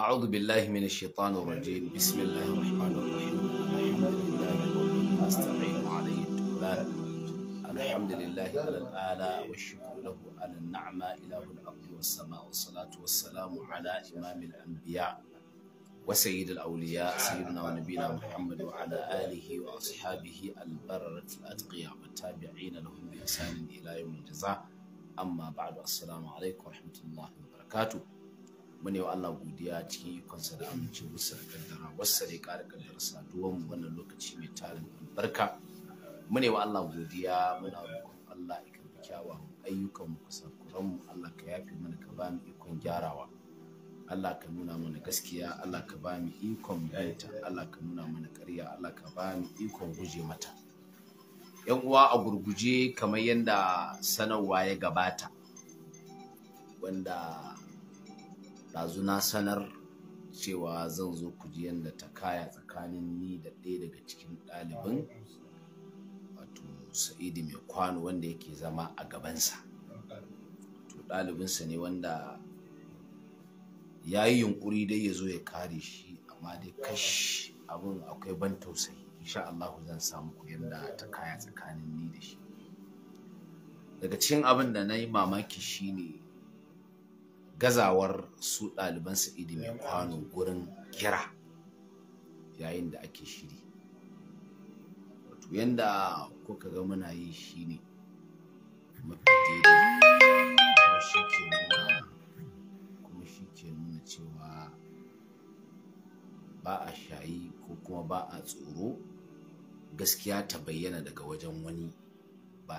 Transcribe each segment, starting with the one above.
أعوذ بالله من الشيطان الرجيم بسم الله الرحمن الرحيم الحمد لله الذي أستعين عليه التوبان الحمد لله على الآلاء والشكر له على النعمة إله الأرض والسماء والصلاة والسلام على إمام الأنبياء وسيد الأولياء سيدنا ونبينا محمد وعلى آله وأصحابه البررة الأتقياء والتابعين لهم بإحسان إلى يوم الجزاء أما بعد السلام عليكم ورحمة الله وبركاته mune wa Allah godiya cikin ikonsa da amincewarsa da kaddara wasa da ƙara kaddara saduwar mu wannan lokaci mai tarin Mu mune wa Allah godiya muna roƙon Allah ya karbi kyawawan ayyukan mu kusakuran mu Allah ka yafe mana ka ba mu ikon gyarawa Allah ka nuna mana gaskiya Allah ka ba mu ikon biyanta Allah ka nuna mana ƙarya Allah ka ba mu ikon guje mata yan uwa a gurguje kamar yadda sanarwa ya gabata wanda ɗazu na sanar cewa zan zo ku ji yadda ta kaya tsakanin ni da ɗaya daga cikin ɗalibin wato sa'idu mai kwano wanda yake zama a gabansa to ɗalibinsa ne wanda ya yi yunƙuri dai ya zo ya kare shi amma dai kash abin akwai ban tausayi insha Allah zan samu ku yadda ta kaya tsakanin ni da shi daga cikin abin da na yi mamaki shine gazawar su ɗaliban idi mai kwano gurin kira yayin da ake shiri wato yanda kuka ga muna yi shine shi ke kuma shi ke nuna cewa ba a shayi ko kuma ba a tsoro gaskiya ta bayyana daga wajen wani ba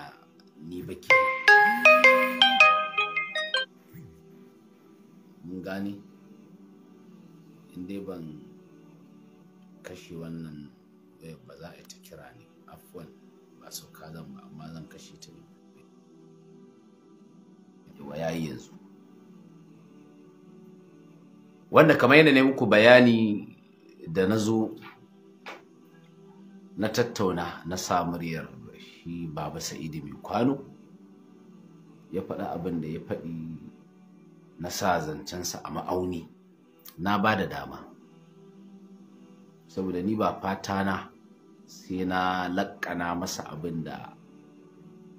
ni ba kenan gane dai ban kashe wannan ba za a yi ta kira ne afuwan ba sauka zan ba amma zan kashe ta ne wa yayi yanzu wanda kamar yadda ne muku bayani da na zo na tattauna na samuriyar shi baba saidu mai kwano ya faɗa abin da ya faɗi na sa zancensa a ma'auni na ba da dama saboda ni ba fata na sai na lakkana masa abin da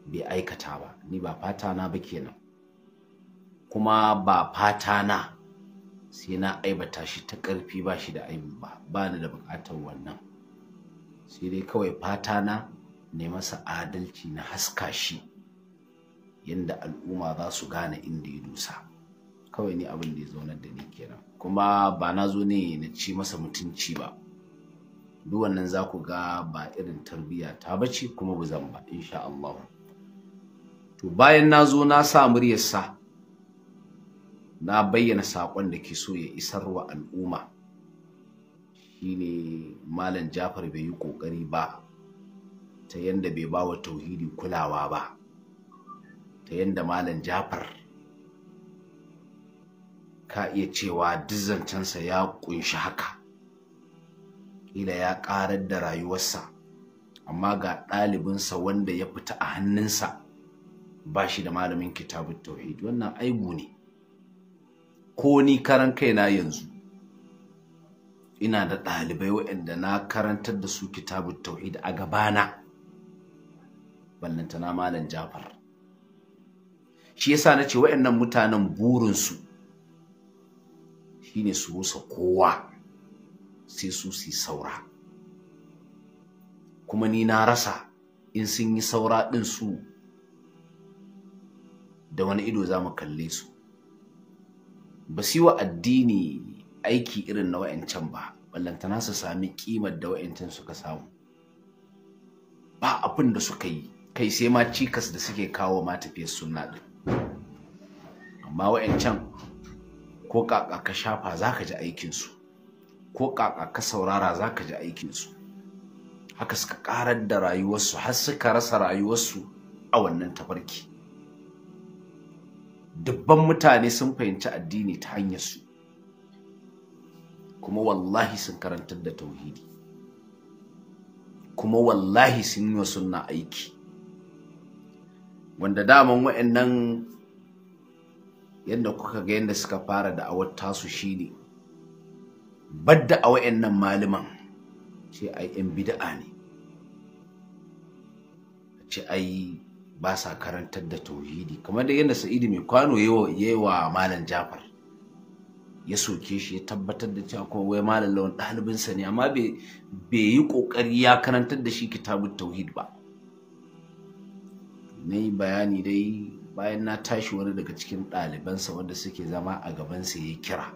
bai aikata ba ni ba fata na ba kenan kuma ba fata na sai na aibata shi ta ƙarfi ba shi da aibi ba ba ni da buƙatar wannan sai dai kawai fata na ne masa adalci na haska shi yadda al'umma za su gane inda ya dusa. kawai ni abin da ya zaunar da ni kenan kuma ba na zo ne na ci masa mutunci ba duk wannan za ku ga ba irin tarbiyya ta bace kuma ba zan ba insha Allah to bayan na zo na sa muryarsa na bayyana saƙon da ke so ya isar wa al'umma shine malam jafar bai yi ƙoƙari ba ta yanda bai ba wa tauhidi kulawa ba ta yanda malam jafar ka iya cewa duk ya kunshi haka kila ya ƙarar da rayuwarsa amma ga ɗalibinsa wanda ya fita a hannunsa ba shi da malamin kitabun tauhid wannan aibu ne ko ni karan kaina yanzu ina da ɗalibai waɗanda na karantar da su kitabun tauhid a gabana ballantana malam jafar shi yasa na ce waɗannan mutanen burinsu shine su rusa kowa sai su su saura kuma ni na rasa in sun yi saura din su da wani ido za mu kalle su ba su yi wa addini aiki irin na wa'yancan ba ballantana su sami kimar da wa'yancan suka samu ba abin da suka yi kai sai ma cikas da suke kawo ma tafiyar sunna ɗin amma wa'yancan ko ƙaƙa ka shafa za ka ji aikinsu ko ƙaƙa ka saurara za ka ji aikinsu haka suka ƙarar da rayuwarsu har suka rasa rayuwarsu a wannan tafarki dubban mutane sun fahimci addini ta hanyarsu kuma wallahi sun karantar da tauhidi kuma wallahi sun yi wa sunna aiki wanda daman wa'annan yadda kuka ga yadda suka fara da'awar tasu ne. badda a wayannan maliman. ce ai yan bid'a ne ce ai ba sa karantar da tauhidi kamar da yadda Sa'idu mai kwano yawa malam Jafar ya soke shi ya tabbatar da cewa kuma wai malam lawan ɗalibinsa ne amma bai yi ƙoƙari ya karantar da shi kitabun tauhid ba na yi bayani dai bayan na tashi wani daga cikin ɗalibansa wanda suke zama a gabansa ya kira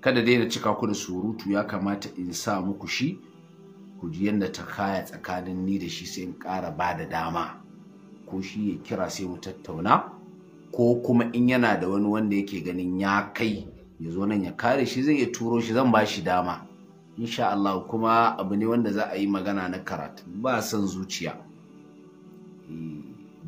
kada dai na cika ku da surutu ya kamata in sa muku shi ku ji yadda ta kaya tsakanin ni da shi sai in ƙara ba da dama ko shi ya kira sai mu tattauna ko kuma in yana da wani wanda yake ganin ya kai ya zo nan ya kare shi zai iya turo shi zan ba shi dama insha Allah kuma abu ne wanda za a yi magana na karatu ba son zuciya eh.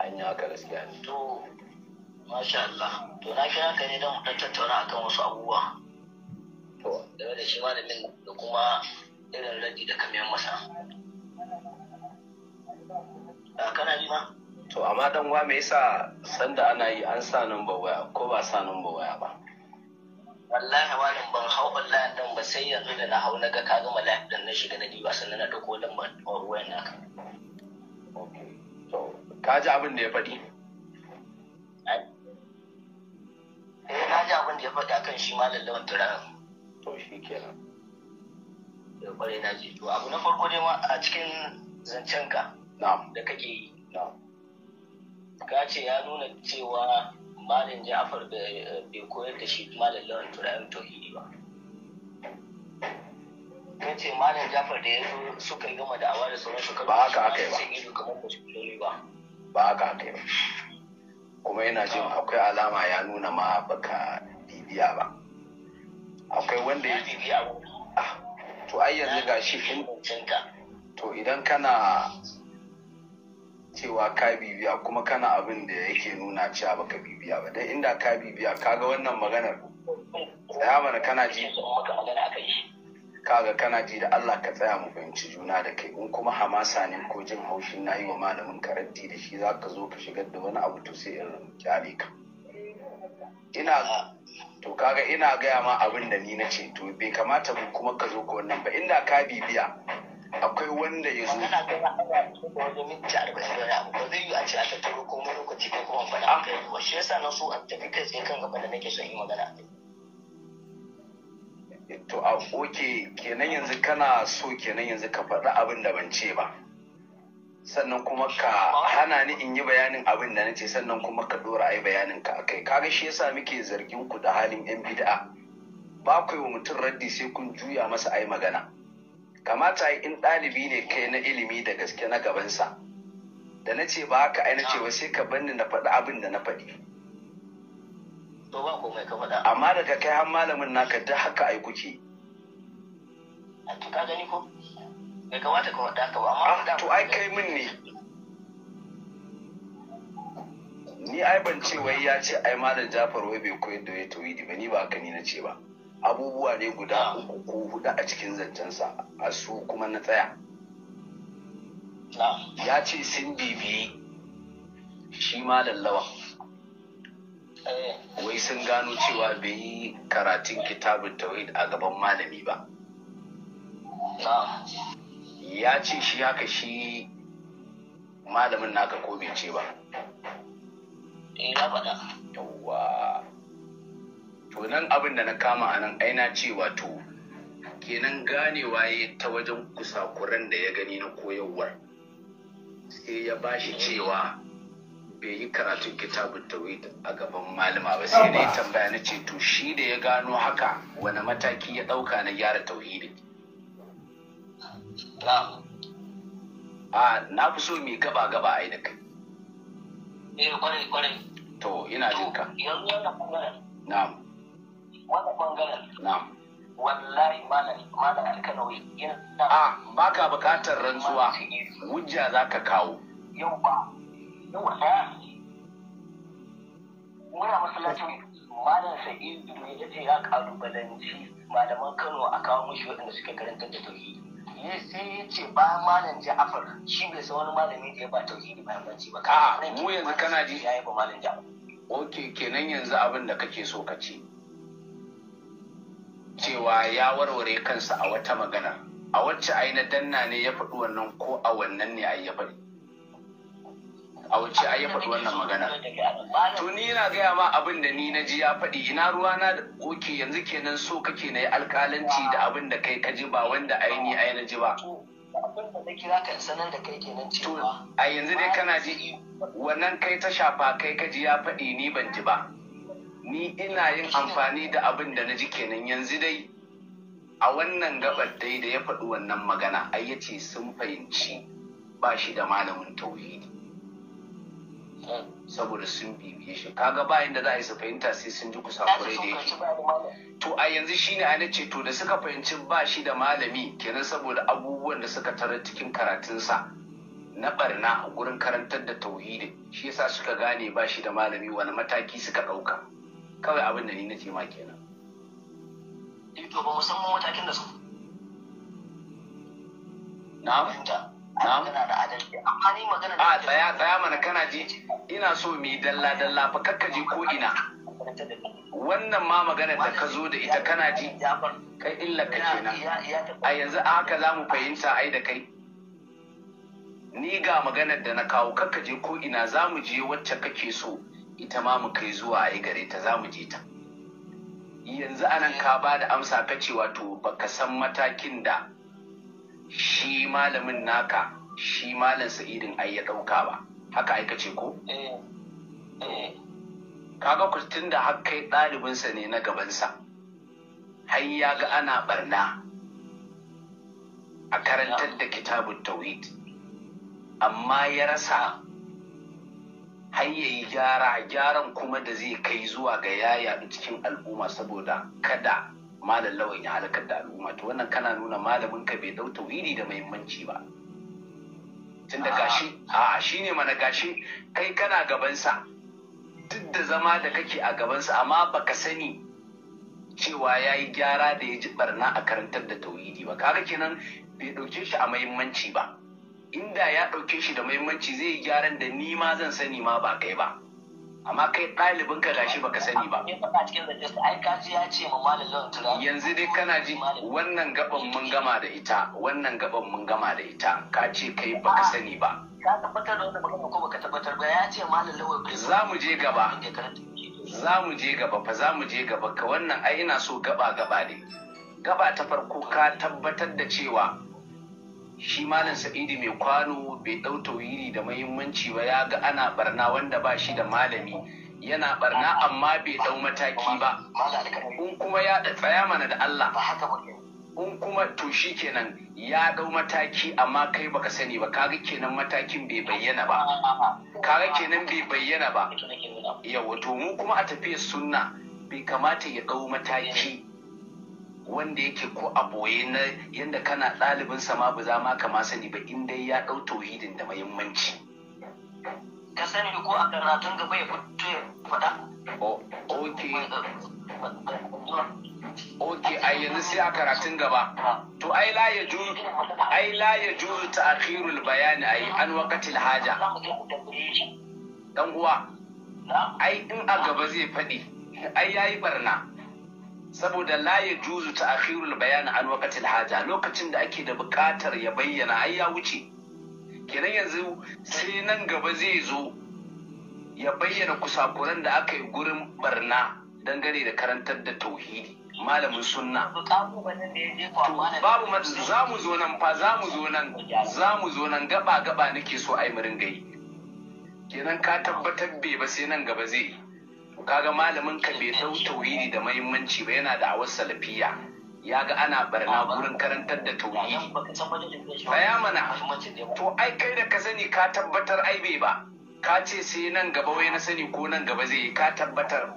an yi haka gaskiya ne to masha Allah to na kira ka ne don mu tattauna akan wasu abubuwa to game da shi malamin da kuma irin radi da kamiyan masa a kana ji ma to amma dan wa me yasa sanda ana yi an sa number waya ko ba sa number waya ba wallahi malam ban hau wallahi dan ba sai yanzu da na hau na ga ka gama live na shiga na diba sannan na dauko lambar wayan naka ka ji abin da ya faɗi eh? eh na ji abin da ya faɗi akan shi ma lallawan turanin to shi kenan da kwarai na ji to abu na farko dai ma a cikin zancenka da kake yi ka ce ya nuna cewa malin Jafar bai koyar da shi ma lallawan lawan turayen tauhidi ba ka ce malin Jafar da ya zo suka yi gama da awa da sauran shekaru ba haka aka yi ba ba haka aka yi ba kuma yana jin akwai alama ya nuna ma baka bibiya ba akwai wanda ya bibiya to ai yanzu ga shi to idan kana cewa ka bibiya kuma kana abin da yake nuna cewa baka bibiya ba dan inda ka bibiya kaga wannan maganar tsaya mana kana ji kaga kana ji da Allah ka tsaya mu fahimci juna da kai in kuma hamasa ne ko jin haushi na yi wa malamin karanti da shi za ka zo ka shigar da wani abu to sai in kyale ka ina to kaga ina gaya ma abin da ni na ce to bai kamata mu kuma ka zo ka wannan ba inda ka bibiya akwai wanda ya zo a a lokaci ko kuma faɗa shi yasa na so a tafi kai tsaye kan gaba da nake son yi magana to a oke kenan yanzu kana so kenan yanzu ka faɗi abin da ban ce ba sannan kuma ka hana ni in yi bayanin abin da nace sannan kuma ka dora ai bayanin ka akai kaga shi yasa muke zargin ku da halin yan bid'a ba ku wa mutum raddi sai kun juya masa ai magana kamata in ɗalibi ne kai na ilimi da gaske na gabansa da na ce ba haka ai nace ba sai ka banni na faɗi abin da na faɗi to ba amma daga kai har malamin naka da haka ai kuke a to ka gani ko bai kamata ka ka ba amma ah, to ai kai min ne ni ai ban ce wai ya ce ai malam Jafar wai bai koyar da wai tawidi ba ni ba haka ni na ce ba abubuwa ne guda uku ko hudu a cikin zancensa a su kuma na tsaya ya ce sun bibiyi shi malam lawan wai sun gano cewa bai yi karatun kitabun tauhid a gaban malami ba ya ce shi haka shi malamin naka ko bai ce ba eh, yawwa to nan abin da na kama a nan aina ce wato kenan ganewa ya ta wajen kusakuran da ya gani na koyarwar sai ya bashi cewa bai yi karatun kitabun tawhid a gaban malama ba sai dai tambaya na ce to shi da ya gano haka wani mataki ya dauka na gyara tauhidin a na fi so mai gaba gaba a da eh kwarai kwarai to ina jin ka yanzu wannan bangaren na'am wannan bangaren na'am wallahi malam malam yana a baka bukatar rantsuwa wujja za ka kawo yau ba yawwa muna masallacin malam sa'idu ya ce ya kalubalanci malaman kano a kawo mushi suke karantar da tauhidi ya sai ya ce malam ja'afar shi bai san malami da ya ba tauhidi mahimmanci ba a mu yanzu kana kenan yanzu da kake so ka cewa ya warware kansa a wata magana a wacce ai danna ne ya faɗi wannan ko a wannan ne ai ya faɗi a wuce ai ya faɗi wannan magana to ni na gaya ma abin da ni na ji ya faɗi ina ruwa na oke yanzu kenan so kake na yi alƙalanci da abin da kai ka ji ba wanda ai ni ai na ji ba to a yanzu dai kana ji wannan kai ta shafa kai ka ji ya faɗi ni ban ji ba ni ina yin amfani da abin da na ji kenan yanzu dai a wannan gabar dai da ya faɗi wannan magana ai ya ce sun fahimci ba shi da malamin tauhidi saboda sun bibiye shi kaga ba inda za a yi su fahimta sai sun ji kusakurai da yake to a yanzu shine a nace to da suka fahimci ba shi da malami kenan saboda abubuwan da suka tarar cikin karatunsa na barna a gurin karantar da tauhidin shi yasa suka gane ba shi da malami wani mataki suka ɗauka kawai abin da ni na ce ma kenan eh, to ba musamman matakin da su na fahimta magana a tsaya tsaya mana kana ji ina so mu yi dalla dalla fa kakkaje ko ina wannan ma maganar da ka zo da ita kana ji kai illa ka kenan a yanzu a haka za mu fahimta ai da kai ni ga maganar da na kawo kakkaje ko ina za mu je wacce kake so ita ma mu kai zuwa ai gare ta za mu je ta yanzu anan ka ba da amsa ka ce wato baka san matakin da shi malamin naka shi malam sa'idin ai ya ɗauka ba haka ai ce ko eh, eh. kaga ku da har kai ɗalibinsa ne na gabansa har ya ga ana barna a karantar da kitabun tawhid amma ya rasa har ya gyara gyaran kuma da zai kai zuwa ga yaya cikin al'umma saboda kada malam lawan ya halakar da al'umma to wannan kana nuna malamin ka bai dau tauhidi da muhimmanci ba tunda gashi a shine mana gashi kai kana gabansa duk da zama da kake a gabansa amma baka sani cewa ya yi gyara da ya ji barna a karantar da tauhidi ba kaga kenan bai ɗauke shi a muhimmanci ba inda ya ɗauke shi da muhimmanci zai yi gyaran da ni ma zan sani ma ba kai ba amma kai ɗalibin ka gashi baka sani ba yanzu dai kana ji wannan gaban mun gama da ita wannan gaban mun gama da ita ka ce kai baka sani ba za mu je gaba za mu je gaba fa za mu je gaba ka wannan ai ina so gaba gaba ne gaba ta farko ka tabbatar da cewa shi malam sa'idu mai kwano bai ɗau tauhidi da mahimmanci ba ya ga ana barna wanda ba shi da malami yana barna amma bai ɗau mataki ba in kuma ya tsaya mana da Allah in kuma to shi kenan ya ɗau mataki amma kai baka sani ba kaga kenan matakin bai bayyana ba kaga kenan bai bayyana ba yawa to mu kuma a tafiyar sunna bai kamata ya ɗau mataki wanda yake ko a boye na yadda kana ɗalibin sama ba za ma kama sani ba in dai ya ɗau tauhidin da muhimmanci. Ka sani ko a karatun gaba ya fito ya faɗa. Ok. Ok, yanzu sai a karatun gaba. To ai la ya ju ai la ya ju akhirul bayani ai an wakatil haja. Dan uwa. Ai in a gaba zai faɗi. Ai yayi barna. saboda la juzu ta akhirul bayani an waqatil haja lokacin da ake da buƙatar ya bayyana ai ya wuce kenan yanzu sai nan gaba zai zo ya bayyana kusakuran da aka yi gurin barna dangane da karantar da tauhidi malamin sunna babu za mu zo nan fa za mu zo nan za mu zo nan gaba gaba nake so ai mu ringa yi kenan ka tabbatar bai ba sai nan gaba zai yi kaga malamin ka bai dau tauhidi da muhimmanci ba yana da awar salafiya ya ga ana barna gurin karantar da tauhidi tsaya mana to ai kai da ka sani ka tabbatar ai bai ba ka ce sai nan gaba wai na sani ko nan gaba zai yi ka tabbatar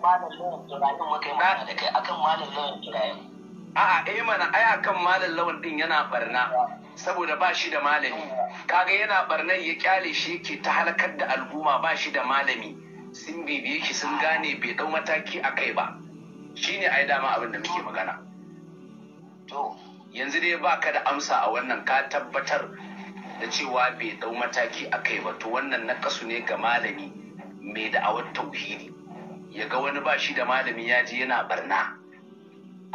a'a eh mana ai akan malam lawan din yana barna saboda ba shi da malami kaga yana barnan ya kyale shi yake ta halakar da al'umma ba shi da malami sun bibiye shi sun gane bai dau mataki a kai ba shine ai dama abin da muke magana to yanzu dai ba ka da amsa a wannan ka tabbatar da cewa bai dau mataki a kai ba to wannan na kasu ne ga malami mai da'awar tauhidi ya ga wani ba shi da malami ya ji yana barna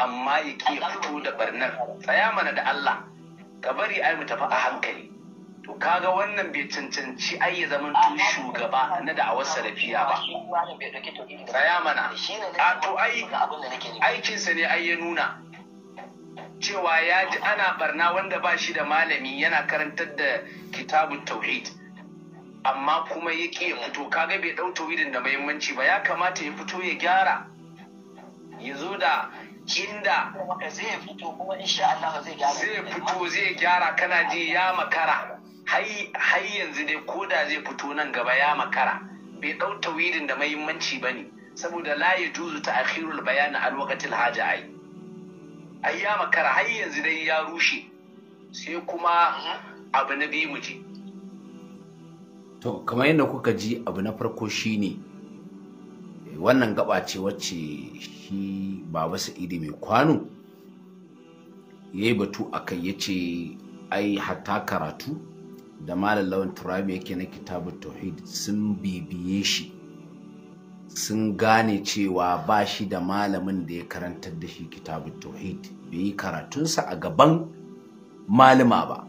amma ya ke fito da barnar tsaya mana da Allah ka bari ai mu tafi a hankali to kaga wannan bai cancanci ai ya zama shugaba na da'awar salafiya ba tsaya mana a to ai aikinsa ne ai ya nuna cewa ya ji ana barna wanda ba shi da malami yana karantar da kitabun tauhid amma kuma ya ƙi ya fito kaga bai ɗau tauhidin da muhimmanci ba ya kamata ya fito ya gyara ya zo da inda zai fito zai gyara kana ji ya makara har yanzu dai ko da zai fito nan gaba ya makara bai ɗau tawilin da mahimmanci ba ne saboda la ya juzu ta akhirul bayani a lokacin haja ai ai ya makara har yanzu dai ya rushe sai kuma abu na biyu mu to kamar yadda kuka ji abu na farko shine wannan gaba ce wacce shi baba Idi mai kwano ya yi batu a kai ya ce ai hatta karatu da malam lawan turabi yake na kitabu tauhid sun bibiye shi sun gane cewa ba shi da malamin da ya karanta da shi kitabu tauhid bai yi karatunsa a gaban malama ba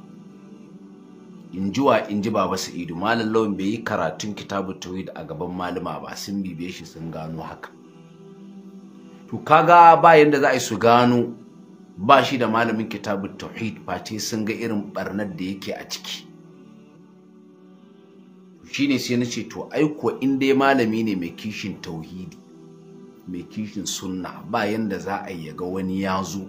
in ji wa in ji baba sa'idu malam lawan bai yi karatun kitabu tauhid a gaban malama ba sun bibiye shi sun gano haka to kaga ba yanda za a yi su gano ba shi da malamin kitabu tauhid face sun ga irin barnar da yake a ciki shine sai nace to ai ko in dai malami ne mai kishin tauhidi mai kishin sunna ba yanda za a yi ga wani ya zo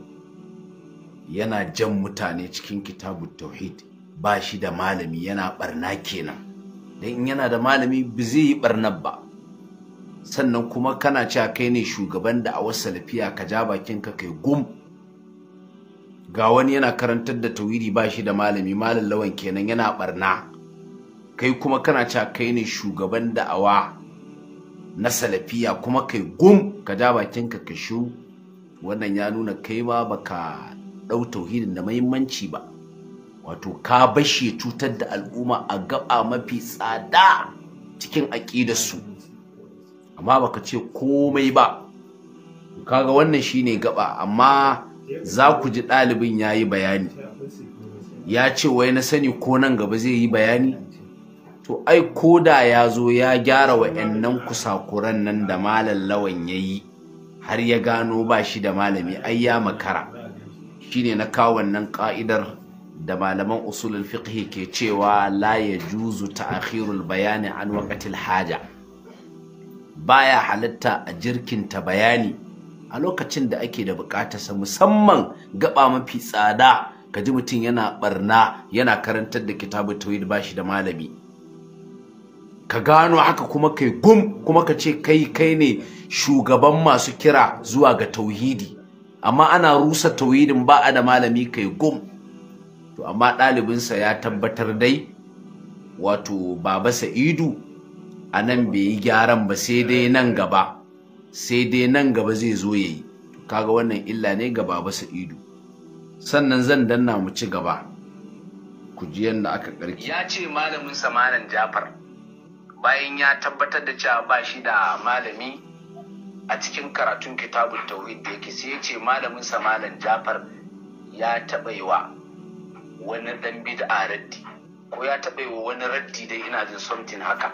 yana jan mutane cikin kitabun tauhid ba shi da malami yana barna kenan dan in yana da malami ba zai yi barnar ba sannan kuma kana cewa kai ne shugaban da a wasu lafiya ka ja bakin ka kai gum ga wani yana karantar da tauhidi ba shi da malami malam lawan kenan yana barna kai kuma kana cewa kai ne shugaban da'awa na salafiya kuma kai gum ka ja bakinka ka shu wannan ya nuna kai ma baka ɗau tauhidin da mahimmanci ba wato ka bashe cutar da al'umma a gaba mafi tsada cikin su? amma baka ce komai ba kaga wannan shine gaba amma za ku ji ɗalibin ya yi bayani ya ce wai na sani ko nan gaba zai yi bayani to ai koda ya zo ya gyara wa'annan kusakuran nan da malam lawan ya yi har ya gano ba shi da malami ai ya makara shine na kawo wannan ka'idar da malaman usulul fiqh ke cewa la ta ta'khirul bayani an waqtil haja baya halatta a jirkinta bayani a lokacin da ake da bukatarsa musamman gaba mafi tsada kaji mutum yana barna yana karantar da kitabu tawhid bashi da malami ka gano haka kuma kai gum kuma ka ce kai kai ne shugaban masu kira zuwa ga tauhidi amma ana rusa tauhidin ba a da malami kai gum to amma ɗalibinsa ya tabbatar dai wato baba sa'idu a nan bai yi gyaran ba sai dai nan gaba sai dai nan gaba zai zo ya yi kaga wannan illa ne ga baba sa'idu sannan zan danna mu ci gaba ku ji yadda aka karki ya ce malamin samanin jafar bayan ya tabbatar da cewa ba shi da malami a cikin karatun kitabun tauhid da yake sai ya ce malamin sa malam jafar ya taɓa yi wa wani dan bid'a raddi ko ya taɓa yi wa wani raddi dai ina jin something haka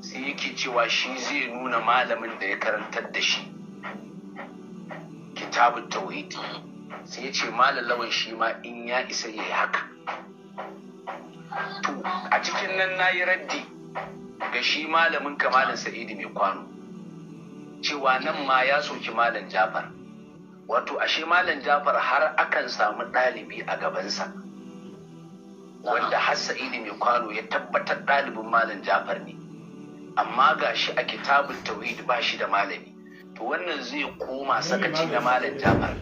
sai yake cewa shi zai nuna malamin da ya karantar da shi kitabun tauhid sai ya ce Lawan shi ma in ya isa ya yi haka to a cikin nan na yi raddi ga shi malamin kamalin sa'idi mai kwano cewa nan ma ya soki malam jafar wato ashe malam jafar har akan samu ɗalibi a gabansa wanda har sa'idi mai kwano ya tabbatar ɗalibin malam jafar ne amma ga shi a kitabun tawhid ba shi da malami to wannan zai koma sakaci na malam jafar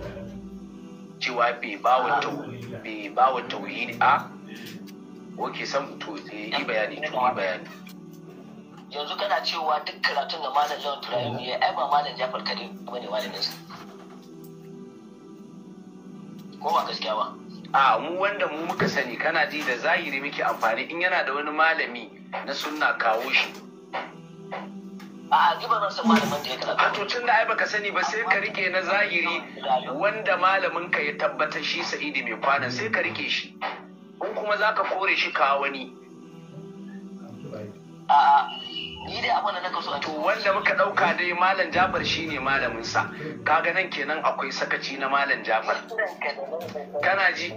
cewa bai ba wa a wake san to eh, yi bayani to yi bayani yanzu kana cewa duk karatun da malam Lawan Turayen ya ai ba malam Jafar Kadir ne malamin sa ko ba gaskiya ba a mu wanda mu muka sani kana ji da zahiri muke amfani in yana da wani malami na sunna kawo shi a ni ba rasa malamin da ya karatu a to tun da ai baka sani ba sai ka rike na zahiri wanda malamin ka ya tabbatar shi sa'idi mai kwanan sai ka rike shi in kuma zaka kore shi kawo wani a ni dai abin da na kaso to wanda muka dauka dai malam Jafar shine malamin sa kaga nan kenan akwai sakaci na malam Jafar kana ji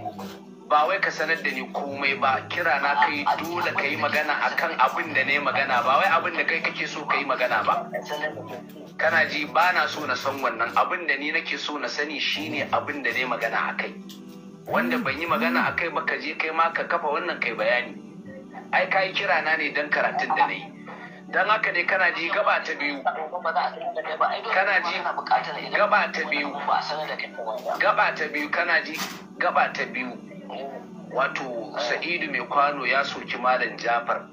ba wai ka sanar da ni komai ba kira na kai dole ka yi magana akan abin da ne magana ba wai abin da kai kake so ka yi magana ba kana ji ba na so na san wannan abin da ni nake so na sani shine abin da ne magana akai wanda ban yi magana akai ba ka je kai ma ka kafa wannan kai bayani ai ka yi kira na ne don karatun da na yi don haka ne kana ji gaba ta biyu kana ji gaba ta biyu gaba ta biyu kana ji gaba ta biyu wato sa'idu mai kwano ya soki malam jafar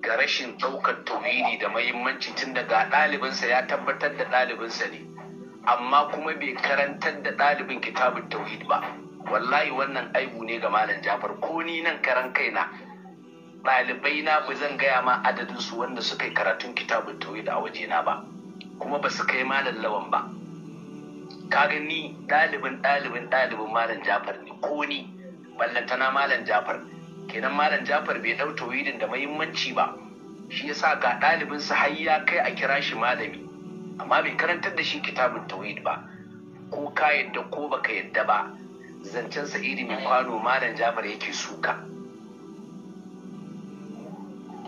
ga rashin ɗaukar tauhidi da mahimmanci tun daga ɗalibinsa ya tabbatar da ɗalibinsa ne amma kuma bai karantar da ɗalibin kitabun tauhid ba wallahi wannan aibu ne ga malam jafar ko ni nan karan kaina ɗalibai na ba zan gaya ma adadin su wanda suka yi karatun kitabun tauhid a na ba kuma ba su kai malam lawan ba ka ni ɗalibin ɗalibin ɗalibin malam jafar ne ko ni ballantana malam jafar kenan malam jafar bai ɗau tauhidin da mahimmanci ba shi yasa ga ɗalibin su har ya kai a kira shi malami amma bai karantar da shi kitabun tauhid ba ko ka yadda ko baka yadda ba zancen sa iri kwano malam jafar yake suka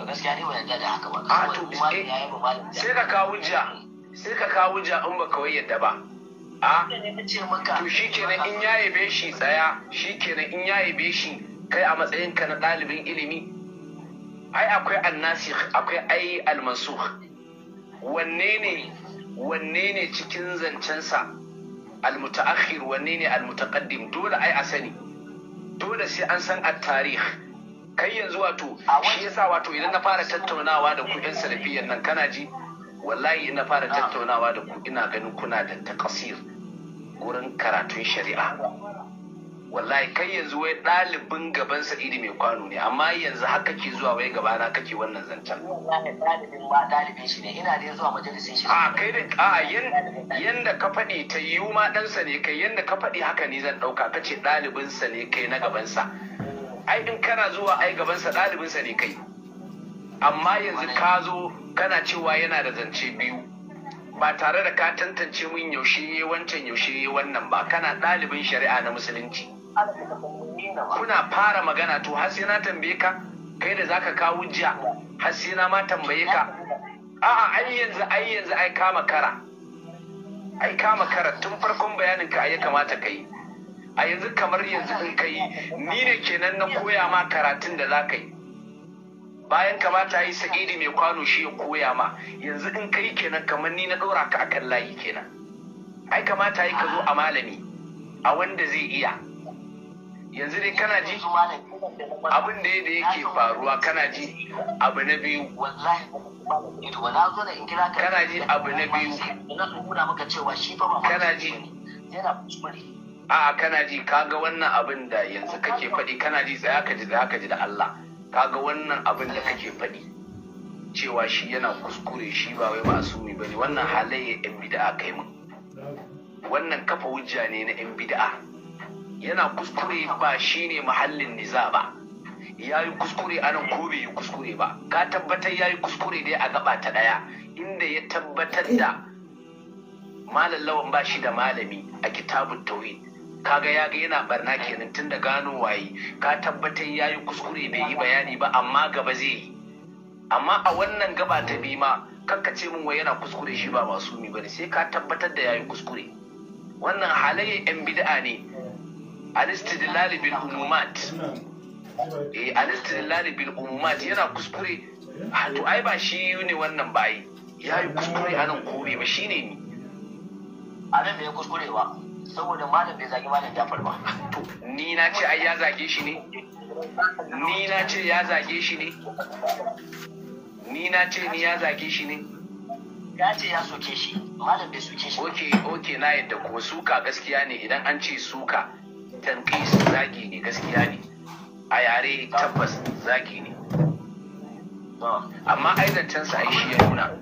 to gaskiya ne ba yarda da haka ba kawai kuma ya yi mamalin sai ka kawo hujja eh. sai ka kawo hujja in ba kawai yadda ba a to shi shikenan in ya yabe shi tsaya shikenan in ya yabe shi kai a matsayinka na ɗalibin ilimi ai akwai annasih akwai ai almansukh wanne ne wanne ne cikin zancensa almutaakhir wanne ne almutaqaddim dole ai a sani dole sai an san at-tarikh kai yanzu wato shi yasa wato idan na fara tattaunawa da ku yan salafiyan nan kana ji wallahi ina fara tattaunawa da ku ina ganin kuna da takasir gurin karatun shari'a wallahi kai yanzu wai ɗalibin gaban iri mai kwano ne amma yanzu haka ke zuwa wai gaba na kake wannan zancen dalibin ba ɗalibin shi ne ina da zuwa majalisin shi a kai da a yanda ka faɗi ta yiwu ma ɗansa ne kai yanda ka faɗi haka ne zan ɗauka kace ɗalibinsa ne kai na gabansa ai in kana zuwa ai gabansa ɗalibinsa ne kai amma yanzu ka zo kana cewa yana da zance biyu ba tare da ka tantance min yaushe ya wancan yaushe ya wannan ba kana ɗalibin shari'a na musulunci kuna fara magana to har sai na tambaye ka kai da zaka kawo jiya har sai na ma tambaye ka a'a ai yanzu ai yanzu ai kama kara ai kama kara tun farkon bayanin ka ai kamata kai a yanzu kamar yanzu in ka yi ni ne kenan na koya ma karatun da za ka yi bayan kamata yi sa'idi mai kwano shi ya koya ma yanzu in ka yi kenan kamar ni na ɗora ka akan layi kenan ai kamata yi ka zo a malami a wanda zai iya yanzu dai kana ji abin da yake faruwa kana ji abu na biyu kana ji abu na biyu kana ji a kana ji kaga wannan abin da yanzu kake faɗi kana ji tsaya ka ji da haka ji da Allah kaga wannan abin da kake faɗi cewa shi yana kuskure shi ba wai masumi bane wannan halayya yan bid'a kai mu wannan kafa hujja ne na yan bid'a yana kuskure ba shine mahallin niza ba ya yi kuskure anan ko bai yi kuskure ba ka tabbatar ya yi kuskure dai a gaba ta daya inda ya tabbatar da malallawan ba shi da malami a kitabun tauhid kaga ya ga yana barna kenan tun da gano waye ka tabbatar ya yi kuskure bai yi bayani ba amma gaba zai yi amma a wannan gaba ta bi ma kanka ce min wai yana kuskure shi ba masu mi bane sai ka tabbatar da ya yi kuskure wannan halayyar yan bid'a ne alistidlal bil umumat eh alistidlal bil umumat yana kuskure ah, to ai ba shi ne wannan bai ya yi kuskure anan ko bai ba shine ni anan bai kuskure ba saboda malam bai zagi malam Jafar ba ni na ce ai ya zage shi ne ni na ce ya zage shi ne ni na ce ni ya zage shi ne ya ce ya soke shi malam bai soke shi oke oke na yadda ko suka gaskiya ne idan an ce suka tanqis zagi ne gaskiya ne a yare tabbas zagi ne amma aizantansa ai shi ya nuna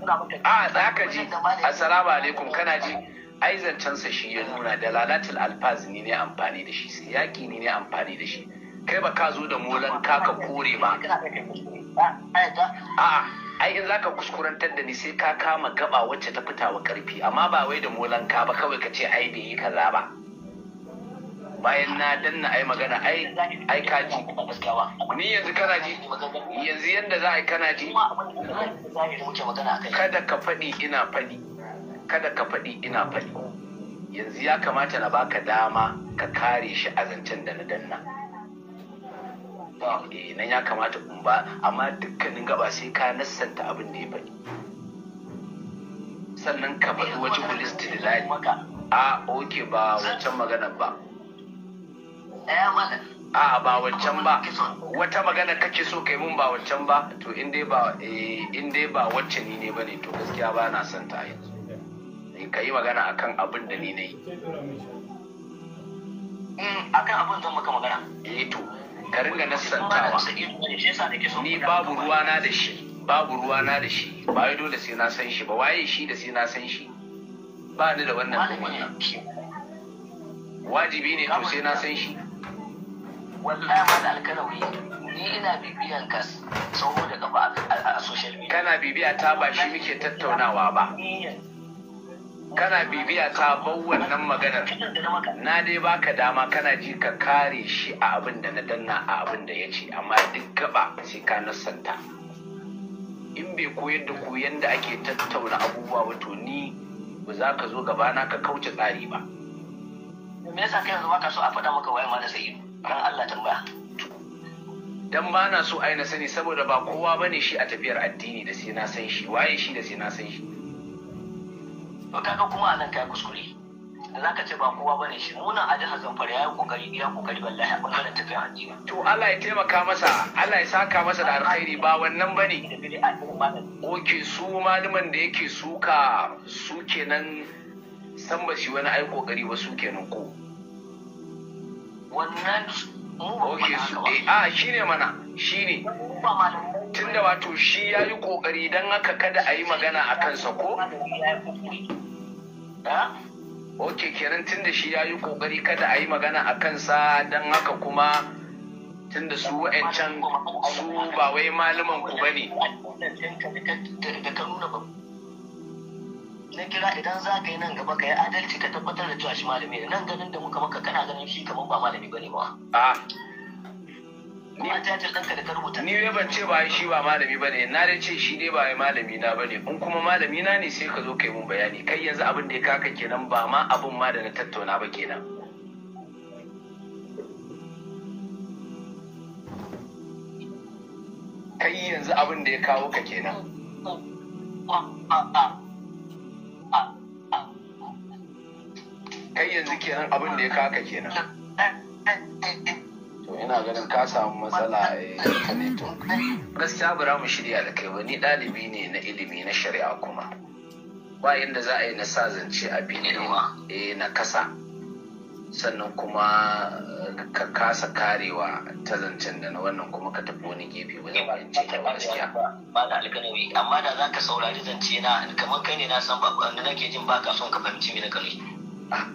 a tsaka ji assalamu alaikum kana ji aizancansa shi ya nuna da lalatul alfaz ni ne amfani da shi yaki ni ne amfani da shi kai ba ka zo da molan ka ka kore ba a'a ai in zaka kuskurantar da ni sai ka kama gaba wacce ta fita wa karfi amma ba wai da molan ka ba kawai ka ce ai bai yi kaza ba bayan na danna ai magana ai ai ka ji ni yanzu kana ji yanzu yanda za a yi kana ji kada ka faɗi ina faɗi kada ka faɗi ina faɗi yanzu ya kamata na baka dama ka kare shi a zancen da na danna eh nan ya kamata in ba amma dukkanin gaba sai ka nassanta abin da ya faɗi sannan ka faɗi wajen kulisti da lali a oke ba wancan magana ba eh, a ba wancan ba wata magana kake so kai mun ba wancan ba to in dai ba eh, wacce ni ne bane to gaskiya ba na son ta yanzu ka yi magana a kan abin da ni na yi mm, kan abin zan maka magana eh to ka ringa nassantawa ni babu ruwana da shi babu ruwana da shi ba yi dole sai na san shi ba waye shi da sai na san shi ba ni da wannan wannan wajibi ne to sai na san shi wallahi ma da alkarawi ni ina bibiyan ka saboda gaba a social media kana bibiya ta ba shi muke tattaunawa ba kana bibiya ta bau wannan maganar na dai baka dama kana ji ka kare shi a abin da na danna a abin da ya ce amma duk gaba sai ka nasanta in bai koyar da ku da ake tattauna abubuwa wato ni ba za ka zo gaba na ka kauce tsari ba me yasa kai yanzu baka so a faɗa maka waye ma sai dan Allah tambaya dan ba na so aina sani saboda ba kowa bane shi a tafiyar addini da sai na san shi waye shi da sai na san shi kaga kuma a nan ta kuskure za ka ce ba kowa bane shi nuna a jihar zamfara ya yi kokari ya kokari wallahi a bangaren tafiya ba to Allah ya taimaka masa Allah ya saka masa da alkhairi ba wannan bane oke su malaman da yake suka su kenan san ba shi wani ai kokari ba su kenan ko wannan ok eh, ah, su a ne mana Tun tunda wato shi ya yi kokari don haka kada a yi magana a kansa ko ok kenan tunda shi ya yi kokari kada a yi magana a kansa don haka kuma tunda su wa'ancan su ba wai malaman ku ba ne. na kira idan za ka yi nan gaba ka yi adalci ka tabbatar da cewa shi malami ne nan ganin da muka maka kana ganin shi kamar ba malami bane ba a ah. ni a jajir ɗanka da ka rubuta ni ban ce ba shi ba malami bane na dai ce shi ne ba malami na bane in kuma malami na ne sai ka zo ka yi mun bayani kai yanzu abin da ya kaka kenan ba ma abin ma da na tattauna ba kenan kai yanzu abin da ya kawo ka kenan ah, ah, kenan abin da ya kaka kenan to ina ganin ka samu matsala eh, a network gaskiya ba mu shirya da kai ba ni ɗalibi ne na ilimi na shari'a kuma ba inda za a yi na sa zance a eh na kasa sannan kuma eh, ka kasa karewa ta zancen da na wannan kuma ka tafi wani gefe ba zai bayan ce kyau gaskiya ba da alƙalawi amma da za ka saurari zance na kamar kai ne na san ba nake jin ba ka son ka fahimci me na kalli ah,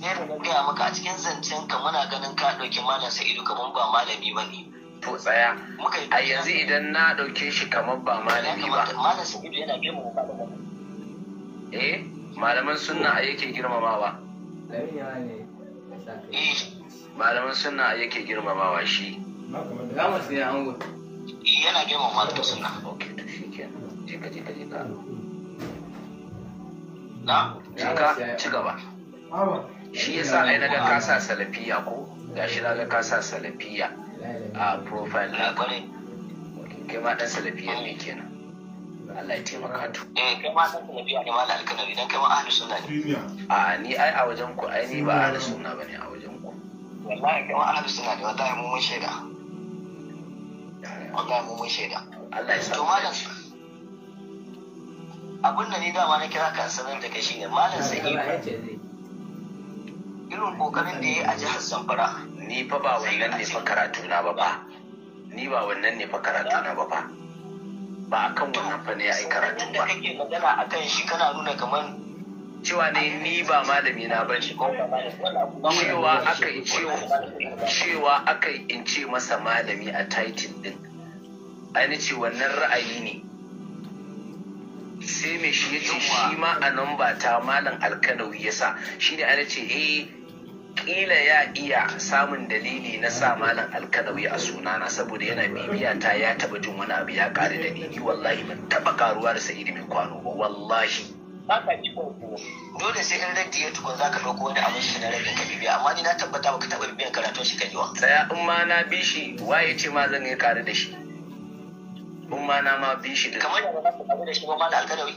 ne da na gaya maka a cikin zancen ka muna ganin ka ɗauki malam sai ido kamar ba malami ba ne to tsaya a yanzu idan na ɗauke shi kamar ba malami ba malam sai ido yana girmama malaman eh malaman sunna a yake girmamawa eh. malaman sunna a yake girmamawa shi za mu sai an gudu eh, yana mu malaman sunna jika jika jika na jika ci gaba shi ya sa ai ga kasa salafiya ko gashi naga kasa salafiya a profile na kare kima ma dan salafiya ne kenan Allah ya taimaka to eh kai ma dan salafiya ne mallan alkalami dan kai ma ahlus sunna ne a ni ai a wajen ku ai ni ba ahli sunna bane a wajen ku wallahi kai ma ahlus sunna ne wallahi mu mun shaida wallahi mu mun shaida Allah ya sa to mallan abin da ni dama na kira ka sanar da kai shine mallan sai irin kokarin da ya a jihar Zamfara. Ni fa ba wannan ne fa karatu na ba ba. Ni ba wannan ne fa karatu na ba ba. Ba a kan wannan fa ne ya yi karatu ba. kake magana a kan shi kana nuna kamar cewa ne ni ba malami na ba shi Cewa aka yi cewa aka yi in ce masa malami a titin din. Ainihin wannan ra'ayi ne. sai mai shi ya ce shi ma a nan ba ta malam alkanau ya sa shi ne ana ce eh kila ya iya samun dalili na sa malam ya a sunana saboda yana bibiya ta ya taba jin wani abu ya kare da ni wallahi ban taba karuwa da sa'idi mai kwano ba wallahi dole sai in raddi ya tukun zaka ɗauko wani abin shi na rabin ka bibiya amma ni na tabbata baka taba bibiyan karatun shi wa tsaya in ma na bi shi waye ce ma zan yi kare da shi in ma na ma bi shi da kamar da za ka karu da shi ma da alkalawi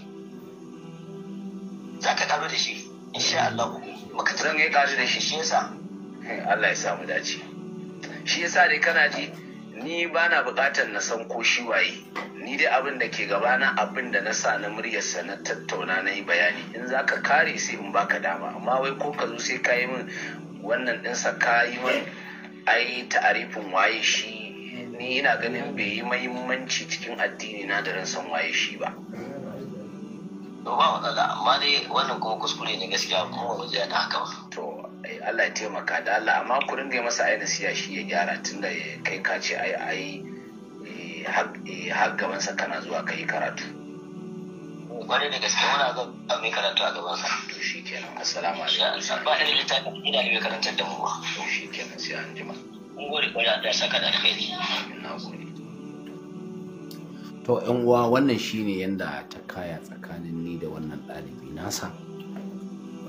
za ka karu da shi insha Allah maka zan yi karu da shi shi yasa eh, Allah ya samu dace shi yasa dai kana ji ni ba na bukatar na san ko shi waye ni dai abin da ke gabana abin da na sa na muryarsa na tattauna na yi bayani in za ka kare sai in baka dama amma wai ko ka zo sai ka yi min wannan ɗinsa ka yi min ai ta'arifin waye shi ni ina ganin bai yi mahimmanci cikin addini na da ransan waye shi ba to ba matsala amma dai wannan kuma kuskure ne gaskiya mu waje da haka ba to Allah ya taimaka da Allah amma ku dinga masa aina siya shi ya gyara tunda kai ka ce ai ai eh, har eh, sa kana zuwa ka yi karatu kwarai da gaske muna ga mai karatu a gaban sa. to shi kenan assalamu alaikum ba ɗan littafin ina da mai karantar da mu ba to shi kenan sai an jima Tau gode saka da to yan uwa wannan shine yanda ta kaya tsakanin ni da wannan ɗalibi nasa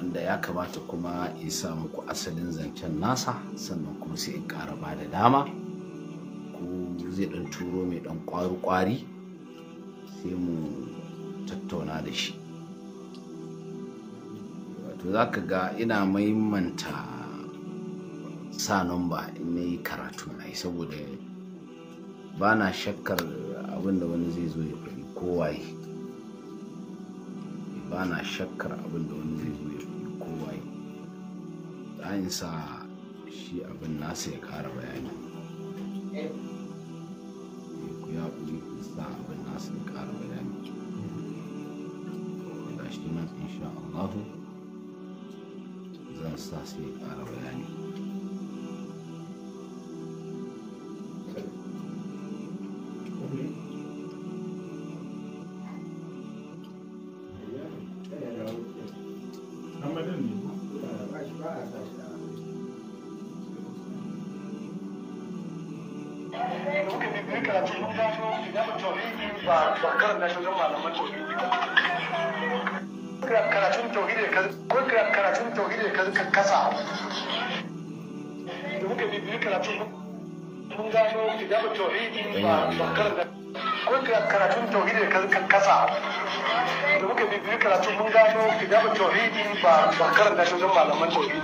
wanda ya kamata kuma in sa muku asalin zancen nasa sannan kuma sai in ƙara ba da dama ko zai ɗan turo mai ɗan ƙwari-ƙwari sai mu tattauna da shi wato za ka ga ina maimanta sa namba na yi karatu na yi saboda ba na shakkar abinda wani zai zo ya faɗi kowaye ba na shakkar abinda wani zai zo ya faɗi kowaye ɗayin sa shi abin nasa ya kara bayani ya ƙuri sa abin nasa ya kara bayani da shi nan insha Allah zan sa sai ya ƙara bayani kitabu tauhidi ba karanta ko karatun tauhidi da kasa da muka bibiyi karatu mun gano kitabu tauhidi ba ba karanta shi zan malaman tauhidi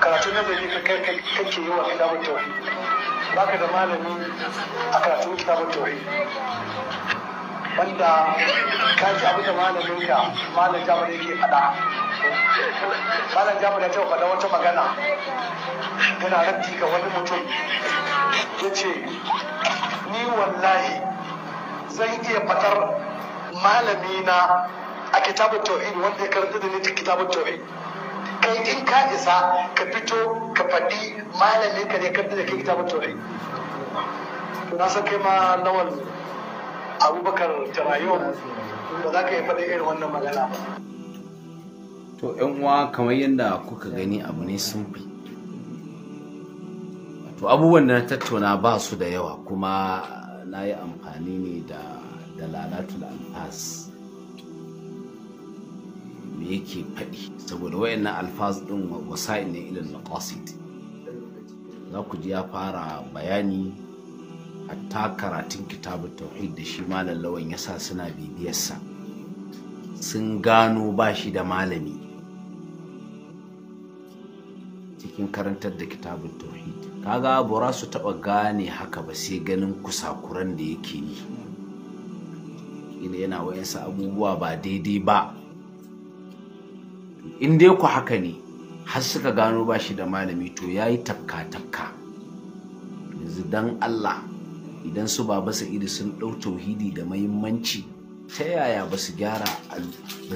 zai ka kai kake yi wa kitabu tauhidi baka da malami a karatun kitabu tauhidi wanda ka ji abin da malamin ka malam jabir yake faɗa malam ya ce faɗa wata magana yana rabbi ga wani mutum ya ce ni wallahi zan iya fatar malami na a kitabun tauhid wanda ya karanta da ni kitabun tauhid kai in ka isa ka fito ka faɗi malamin ka ne karanta da ke kitabun tauhid to na san kai ma nawal abubakar tarayo ba za ka yi faɗi irin wannan magana ba to yan uwa kamar yadda kuka gani abu ne sun fi to abubuwan da na tattauna ba su da yawa kuma na yi amfani ne da dalalatul alfas me yake faɗi saboda na alfas ɗin wasa'in ne ilin maqasid za ku ji ya fara bayani a ta karatun kitabun tauhid da shi malam lawan sa suna bibiyarsa sun gano ba shi da malami cikin karantar da kitabun tauhid kaga ba su taɓa gane haka ba sai ganin kusakuran da yake yi ina yana wayansa abubuwa ba daidai ba in dai ku haka ne har suka gano ba shi da malami to yayi yi tafka yanzu don allah idan su baba iri sun ɗau tauhidi da mahimmanci ta yaya ba su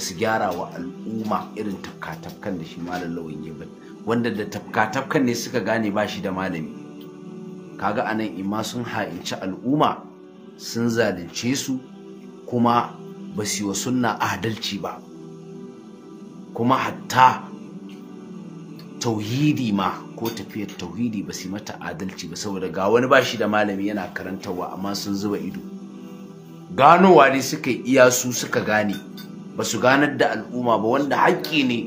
gyara wa al'umma irin tafka-tafkan da shi malam lawan ya wanda da tafka-tafkan ne suka gane ba shi da malami kaga anan imma sun ha'inci al'umma sun zalunce su kuma ba su yi sunna adalci ba kuma hatta tauhidi ma ko tafiyar tauhidi ba su mata adalci ba saboda ga wani ba shi da malami yana karantarwa amma sun zuba ido ganowa ne suka iya su suka gane ba su ganar da al'umma ba wanda haƙƙi ne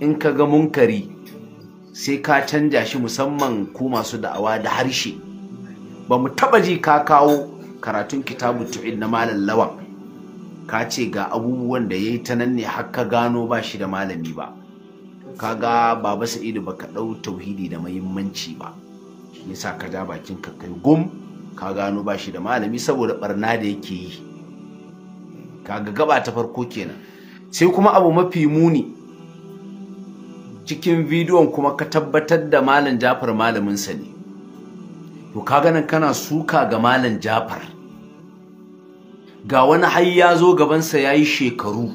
in ka ga munkari sai ka canja shi musamman ku masu da'awa da harshe ba mu taba ji ka kawo karatun kitabu tu'id na malam lawan ka ce ga abubuwan da ya yi ta nan ne haka gano ba shi da malami ba Ka ga baba sa'idu ka ɗau tauhidi da mahimmanci ba nisa ka ja bakin ka kai gum ka gano ba shi da malami saboda barna da yake yi Ka ga gaba ta farko kenan sai kuma abu mafi muni cikin bidiyon kuma ka tabbatar da malam Jafar malamin sa ne to kaga nan kana suka ga malam Jafar ga wani har ya zo gabansa yayi shekaru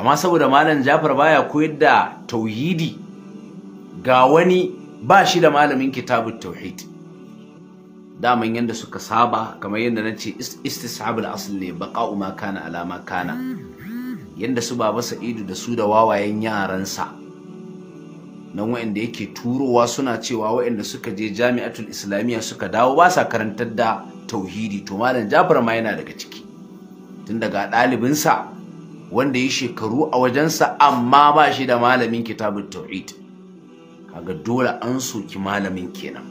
amma saboda malam Jafar baya koyar da tauhidi ga wani ba shi da malamin kitabut tauhid daman yanda suka saba kamar yanda nace istishabul asl ne baqa ma kana ala ma kana yanda su baba Sa'idu da su da wawayen yaransa nan wa'anda yake turowa suna cewa wa'anda suka je jami'atul islamiyya suka dawo ba sa karantar da tauhidi to malam jafar ma yana daga ciki tun daga ɗalibinsa wanda ya shekaru a wajensa amma ba shi da malamin kitabun tauhid kaga dole an soki malamin kenan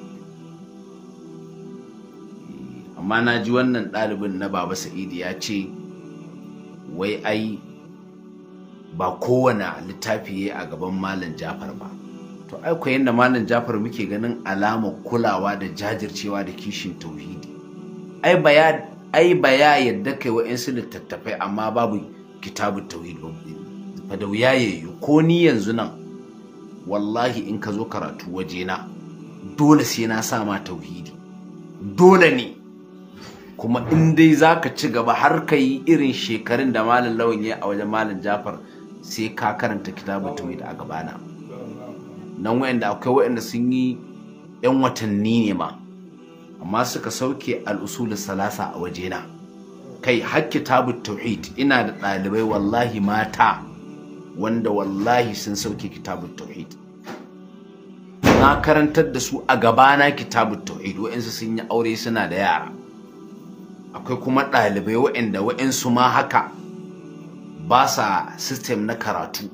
amma na ji wannan ɗalibin na baba sa'idi ya ce wai ai ba kowane littafi a gaban malam jafar ba to ai ko yanda malam Jafar muke ganin alama kulawa da jajircewa da kishin tauhidi ai baya ai baya yadda kai wa'ansu littattafai amma babu kitabun tauhid fa da wuya yayi ko ni yanzu nan wallahi in ka zo karatu waje na dole sai na sa ma tauhidi dole ne kuma in dai zaka ci gaba har ka irin shekarun da malam lawan ya a wajen malam jafar sai ka karanta kitabun tauhid a gabana. nan wayanda akwai wayanda sun yi yan watanni ne ma amma suka sauke al'usul salasa a wajena kai har kitabut tauhid ina da ɗalibai wallahi mata wanda wallahi sun sauke kitabut tauhid na karantar da su a gabana kitabut tauhid wa'insu sun yi aure suna da yara akwai kuma ɗalibai wayanda wayansu ma haka ba sa system na karatu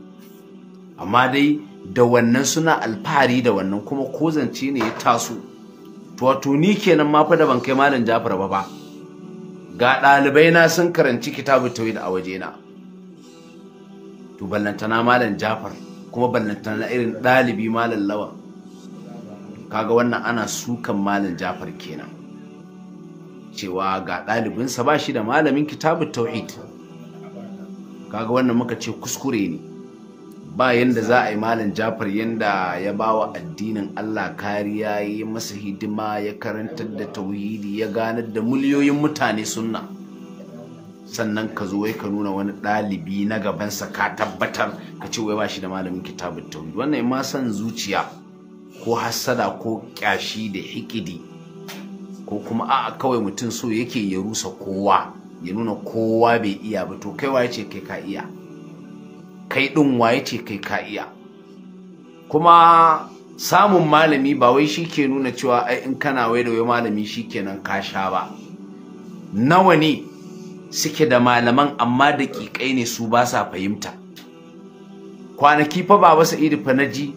amma dai da wannan suna alfahari da wannan kuma ko zance ne ya taso to wato ni kenan ma fa da ban kai malam Jafar ba ba ga dalibai na sun karanci kitabu tawhid a wajena to ballantana malam Jafar kuma ballantana irin ɗalibi malam Lawan kaga wannan ana sukan malam Jafar kenan cewa ga ɗalibinsa ba shi da malamin kitabu tauhid kaga wannan muka ce kuskure ne ba yadda za a yi malam jafar yadda ya ba wa addinin allah kariya ya yi masa hidima ya karantar da tauhidi ya ganar da miliyoyin mutane sunna sannan ka zo ka nuna wani ɗalibi na gabansa ka tabbatar ka ce wai ba shi da malamin kitabun tauhidi wannan ma son zuciya ko hassada ko ƙyashi da hikidi ko kuma a'a kawai mutum so yake ya rusa kowa ya nuna kowa bai iya ba to kaiwa ya ce kai ka iya kai ɗin waye ce kai ka iya kuma samun malami ba wai shi ke nuna cewa ai in kana wai da wai malami shi kenan ka sha ba nawa ne suke da malaman amma da ƙiƙai ne su ba sa fahimta kwanaki fa baba sa'idu fa ji?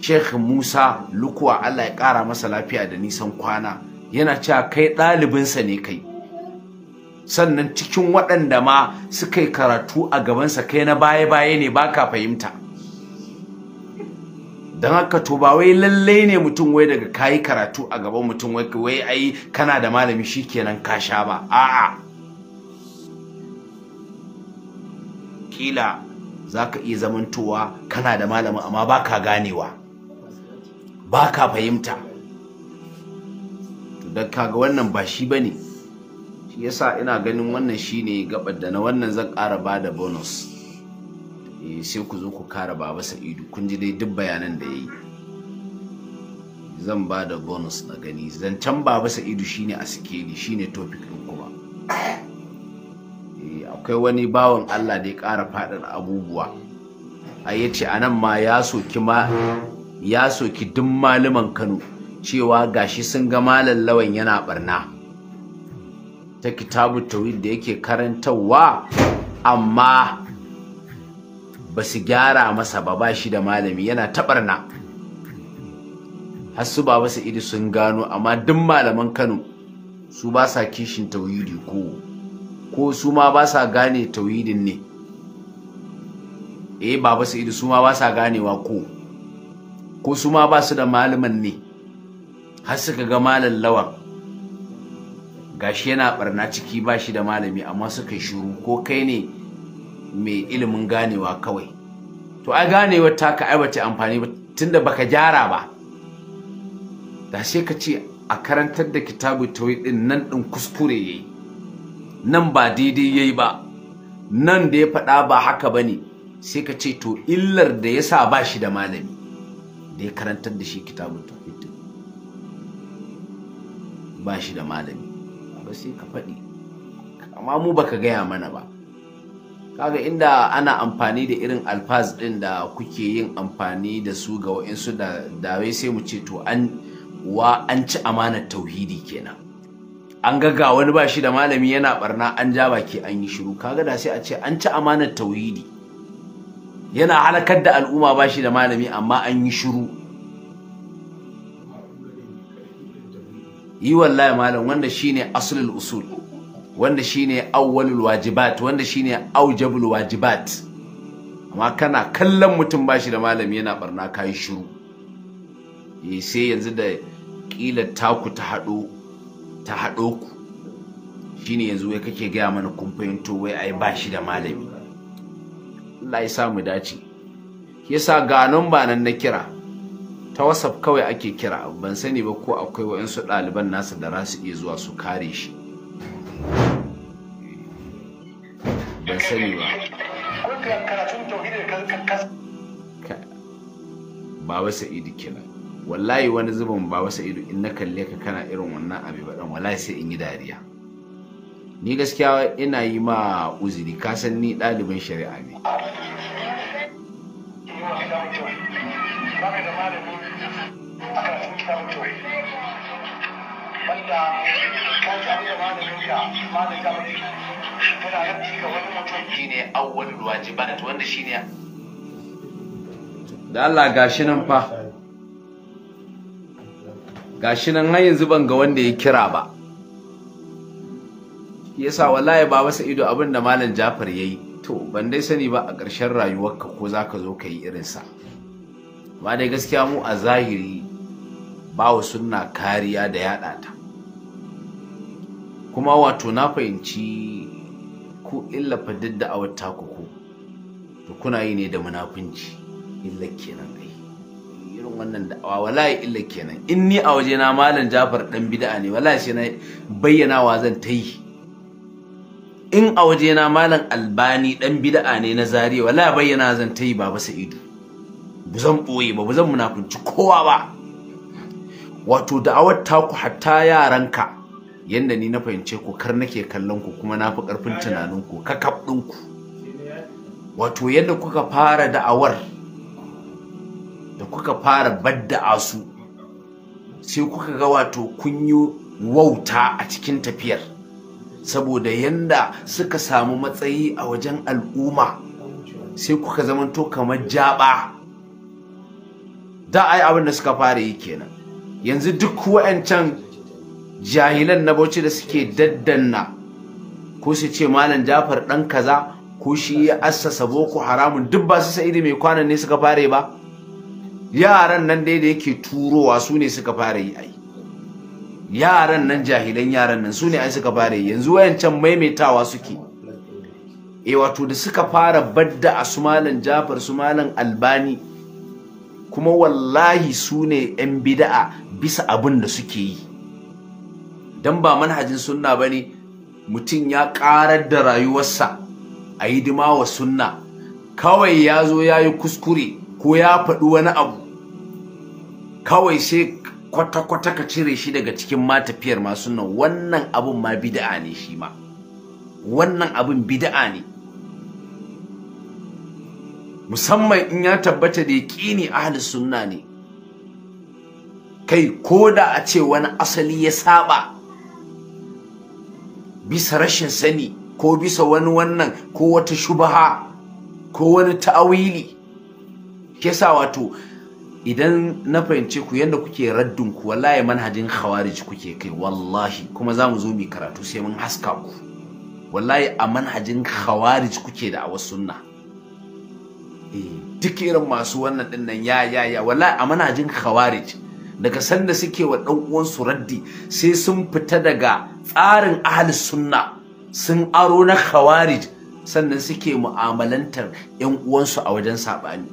Sheikh Musa Lukuwa Allah ya ƙara masa lafiya da nisan kwana yana cewa kai ɗalibinsa ne kai sannan cikin waɗanda ma suka yi karatu a gabansa kai na baya-baya ne ba ka fahimta don haka to ba wai lalle ne mutum wai daga kayi karatu a gaban mutum wai ai kana da malami shikenan ka sha ba a'a kila za ka iya zamantowa kana da malami amma ba ka ganewa ba ka fahimta don kaga wannan ba shi ba ne yasa ina ganin wannan shine gabar da na wannan zan kara ba da bonus eh, sai ku zo ku kara baba sa'idu kun ji dai duk bayanan da ya yi zan ba da bonus na gani zancen baba sa'idu shine a sikeli shine topic ɗin kuma eh, akwai wani bawan allah da ya ƙara faɗin abubuwa a ya ce anan ma ya soki ma ya soki duk maliman kano cewa gashi sun ga malam lawan yana ɓarna. ta kitabu tawhid da yake karantarwa amma ba su gyara masa ba ba shi da malami yana taɓarna har su ba basu idi sun gano amma duk malaman kano su ba sa kishin tauhidi ko ko su ma ba sa gane tauhidin ne eh ba basu idi su ma ba sa ganewa ko ko su ma ba su da malaman ne har suka ga malam lawan gashi yana barna ciki ba shi da malami amma suka shuru ko kai ne mai ilimin ganewa kawai to ai ganewar taka ai bata amfani ba tunda baka gyara ba da sai ka ce a karantar da kitabu tawhid din nan din kuskure yayi nan ba daidai yayi ba nan da ya faɗa ba haka bane sai ka ce to illar da yasa ba shi da malami da ya karantar da shi kitabun din ba shi da malami ba sai ka faɗi amma mu baka gaya mana ba kaga inda ana amfani da irin alfaz ɗin da kuke yin amfani da su ga wa'insu da dawai sai mu ce to an wa an ci amanar tauhidi kenan an ga wani ba shi da malami yana barna an ja baki an yi shiru kaga da sai a ce an ci amanar tauhidi yana halakar da al'umma ba shi da malami amma an yi shiru yi wallahi malam wanda shine aslul usul wanda shine awwalul wajibat wanda shine aujabul wajibat amma kana kallon mutum bashi da malami yana barna kai shiru eh sai yanzu da kila taku ta haɗo ta hado ku shine yanzu wai kake gaya mana kun fahimto wai ai bashi da malami Allah ya sa mu dace yasa ga nan ba nan na kira ta wasaf kawai ake kira ban sani ba ko akwai waɗansu ɗaliban nasa da za iya zuwa su kare shi ban sani ba baba sa'idu kenan wallahi wani zubin baba sa'idu in na kalle ka kana irin wannan abu ba dan wallahi sai in yi dariya ni gaskiya ina yi ma uzuri ka san ni ɗalibin shari'a ne akan sun ta mutu wanda ka samu da malamin ka malamin ka tana rabci ga wani mutum shine awwalul wajibat wanda shine da Allah gashi nan fa gashi nan har yanzu ga wanda ya kira ba yasa wallahi ba masa ido abin da malam Jafar ya yi to ban dai sani ba a ƙarshen rayuwarka ko za ka zo ka yi irin sa ba dai gaskiya mu a zahiri bawa sunna kariya da yaɗa ta kuma wato na fahimci ku illa fadid da awata ku to kuna yi ne da munafunci illa kenan ai irin wannan da'awa wallahi illa kenan in ni a waje na malam Jafar dan bid'a ne wallahi sai na bayyana wa zan ta yi in a waje na malam Albani dan bid'a ne na zariya wallahi bayyana zan ta yi baba Sa'idu buzan zan boye ba buzan zan munafunci kowa ba wato da'awar ta taku hatta ka, yanda ni na fahimce ku kar nake kallon ku kuma na fi karfin tunanin ku kakab ku wato yadda kuka fara da'awar da kuka fara badda'a su sai kuka ga wato kun yi wauta a cikin tafiyar saboda yanda suka samu matsayi a wajen al'umma sai kuka zamanto kamar jaba da ai abin da suka fara yi kenan yanzu duk wa'ancan jahilan na bauchi da suke daddanna ko su ce malam jafar ɗan kaza ko shi ya assasa boko haramun duk ba su sa'idi mai kwanan ne suka fare ba yaran nan dai da yake turowa su ne suka fara yi ai yaran nan jahilan yaran nan su ne ai suka fara yi yanzu wayancan maimaitawa suke e wato da suka fara badda a su malam jafar su malam albani kuma wallahi su ne 'yan bida'a bisa abin da suke yi Don ba manhajin sunna ba ne, mutum ya karar da rayuwarsa a hidima wa sunna kawai ya zo ya yi kuskure ko ya faɗi wani abu kawai sai kwata-kwata ka cire shi daga cikin matafiyar masu nan wannan abin ma bida'a ne shi ma wannan abin bida'a ne musamman in ya tabbata da ya yaƙini ahli sunna ne kai ko da a ce wani asali ya saba bisa rashin sani ko bisa wani wannan ko wata shubaha ko wani ta'awili kesa wato idan na fahimce ku yadda kuke raddin ku wallahi manhajin khawarij kuke kai wallahi kuma za mu zo mu karatu sai mun haska ku wallahi a manhajin khawarij kuke da awas sunna eh, duk irin masu wannan dinnan ya ya ya wallahi a manhajin khawarij daga sanda suke wa ɗan uwansu raddi sai sun fita daga tsarin ahli sunna sun aro na khawarij sannan suke mu'amalantar yan uwansu a wajen saɓani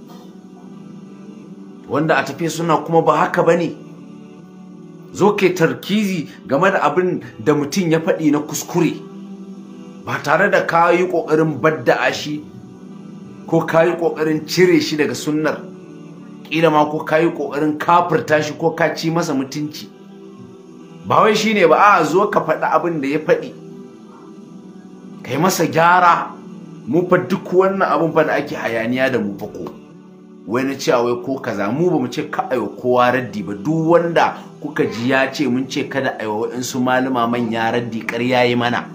wanda a tafe suna kuma ba haka ba ne zo ke tarkizi game da abin da mutum ya faɗi na kuskure ba tare da kayi yi ƙoƙarin badda shi ko kayi ƙoƙarin cire shi daga sunnar kila ma ko kayi kokarin kafirta shi ko ka ci masa mutunci ba wai shine ba a zo ka faɗi abin da ya faɗi kai masa gyara mu fa duk wannan abin fa da ake hayaniya da mu fa ko wai na cewa wai ko kaza mu ba mu ce ka ayo kowa raddi ba duk wanda kuka ji ya ce mun ce kada aiwa waɗansu malama manya raddi ƙarya yi mana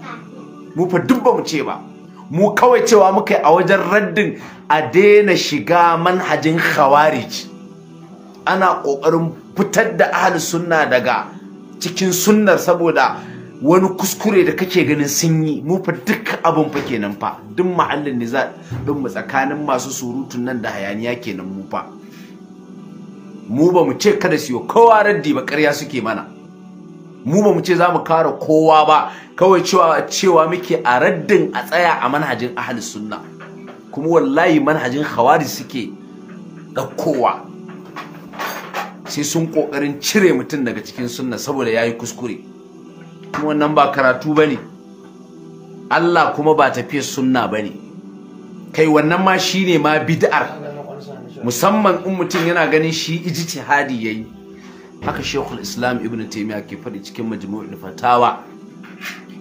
mu fa duk ba mu ce ba mu kawai cewa muka yi a wajen raddin a daina shiga manhajin khawarij ana ƙoƙarin fitar da ahal sunna daga cikin sunnar saboda wani kuskure da kake ganin sun yi mu fa duk abin fa kenan fa duk ma'allin ne za din mu tsakanin masu surutun nan da hayaniya kenan mu fa mu ba mu ce kada su yi kowa raddi ba ƙarya suke mana mu ba mu ce za mu kare kowa ba kawai cewa cewa muke a raddin a tsaya a manhajin ahli sunna kuma wallahi manhajin khawari suke ɗaukowa sai sun ƙoƙarin cire mutum daga cikin sunna saboda ya yi kuskure kuma wannan ba karatu ba Allah kuma ba tafiyar sunna ba ne kai wannan ma shine ma bid'ar musamman in mutum yana ganin shi ijtihadi yayi haka shekul islam ibn taimiyya ke faɗi cikin majmu'ul fatawa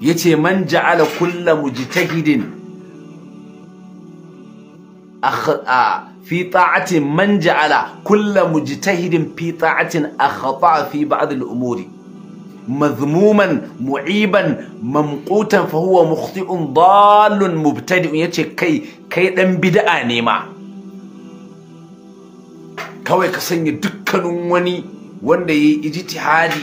yace man ja'ala kulla mujtahidin a fi ta'atin man ja'ala kulla mujtahidin fi ta'atin akhata fi ba'd al-umuri مذموما معيبا ممقوتا فهو مخطئ ضال مبتدئ yace kai kai dan bid'a ne ma kawai ka sanya dukkanin wani wanda ya yi ijtihadi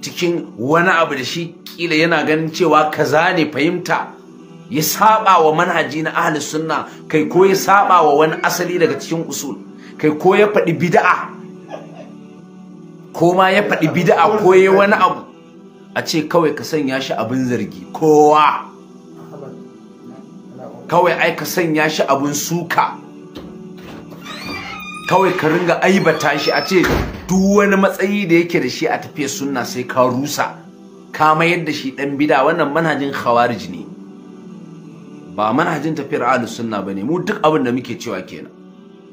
cikin wani abu da shi kila yana ganin cewa kaza ne fahimta ya saba wa manhaji na ahli sunna kai ko ya saba wa wani asali daga cikin usul kai ko ya faɗi bid'a ko ma ya faɗi bid'a ko ya wani abu a ce kawai ka sanya shi abin zargi kowa kawai ai ka sanya shi abin suka kawai ka ringa aibata shi a ce duk wani matsayi da yake da shi a tafiya sunna sai ka rusa ka mayar da shi dan bida wannan manhajin khawarij ne ba manhajin tafiyar ahlus sunna bane mu duk abin da muke cewa kenan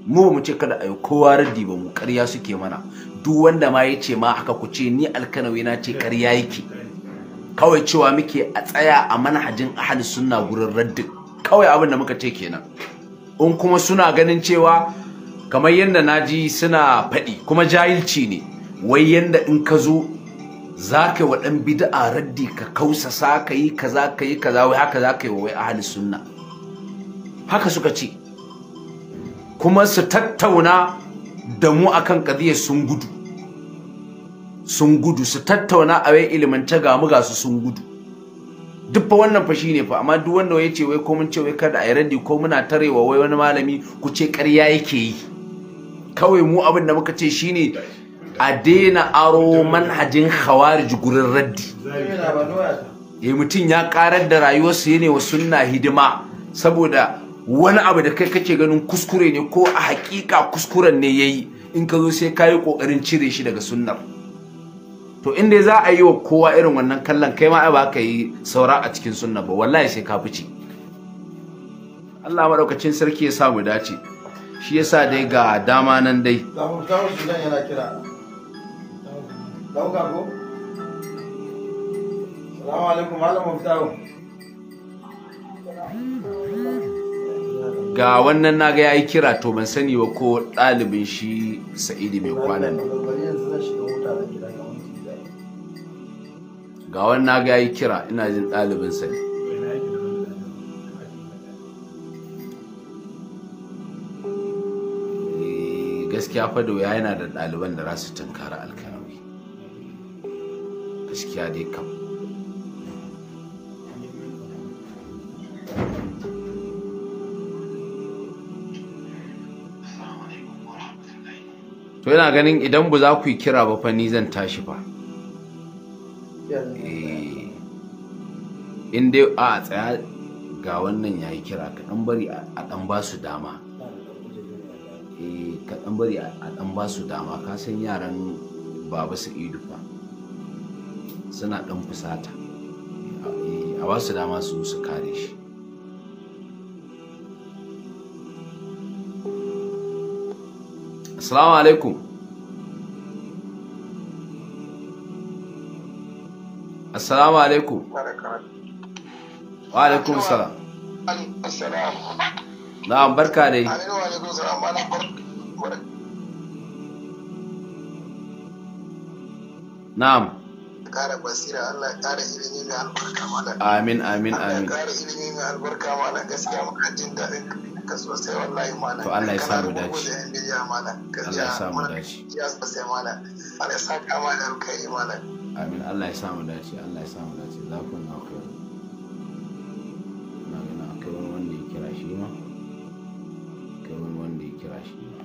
mu mu ce kada ayi kowa raddi ba mu ƙarya suke mana duk wanda ma yace ma haka ku ce ni alkanawi na ce ƙarya yake kawai cewa muke a tsaya a manhajin ahlus sunna gurin raddin kawai abin da muka ce kenan in kuma suna ganin cewa kamar yadda na ji suna faɗi kuma jahilci ne wai yadda in ka zo za ka yi wa ɗan bid'a raddi ka sa ka yi ka za ka yi kaza wai haka za ka yi wa wai ahli sunna haka suka ce kuma su tattauna da mu akan kadiyar sun gudu sun gudu su tattauna a wai ilimance ga mu ga su sun gudu duk fa wannan fa shine fa amma duk wanda ya ce wai ko ce wai kada a yi raddi ko muna tarewa wai wani malami ku ce ƙarya yake yi kawai mu abin da muka ce shine a daina aro manhajin khawarij gurin raddi eh mutum ya karar da rayuwarsa ya wa sunna hidima saboda wani abu da kai kake ganin kuskure ne ko a hakika kuskuren ne yayi in ka zo sai kayi kokarin cire shi daga sunnar to inda za a yi wa kowa irin wannan kallon kai ma ba ka yi saura a cikin sunna ba wallahi sai ka fice Allah maɗaukacin sarki ya sa mu dace shi yasa dai ga dama nan dai ga wannan naga ya yi kira to ban sani ba ko ɗalibin shi sa'idi mai kwanan ga wannan naga ya yi kira ina jin ɗalibin sa ne gaskiya fa da yana da ɗaliban da za su tunkara alkanawi gaskiya dai kam to yana ganin idan ba za ku yi kira ba fa ni zan tashi ba eh. in dai a tsaya ga wannan ya yi kira ka dan bari a ɗan ba su dama Eh, ka ɗan bari a ɗan ba su dama ka san yaran baba su idu fa suna ɗan fusata eh, a ba su dama su su kare shi assalamu alaikum assalamu alaikum wa alaikum salam na'am barka dai na'am kara basira Allah ya kara ilimi mai albarka malam amin amin amin kara ilimi mai albarka malam gaskiya muka jin daɗin ka sosai wallahi malam to Allah ya sa mu dace Allah ya sa mu dace ya sosai malam Allah ya sa ka malam alkhairi malam amin Allah ya sa mu dace Allah ya sa mu dace za ku na ku na ga na kai wani wanda ya kira shi ma wanda ya kira shi ba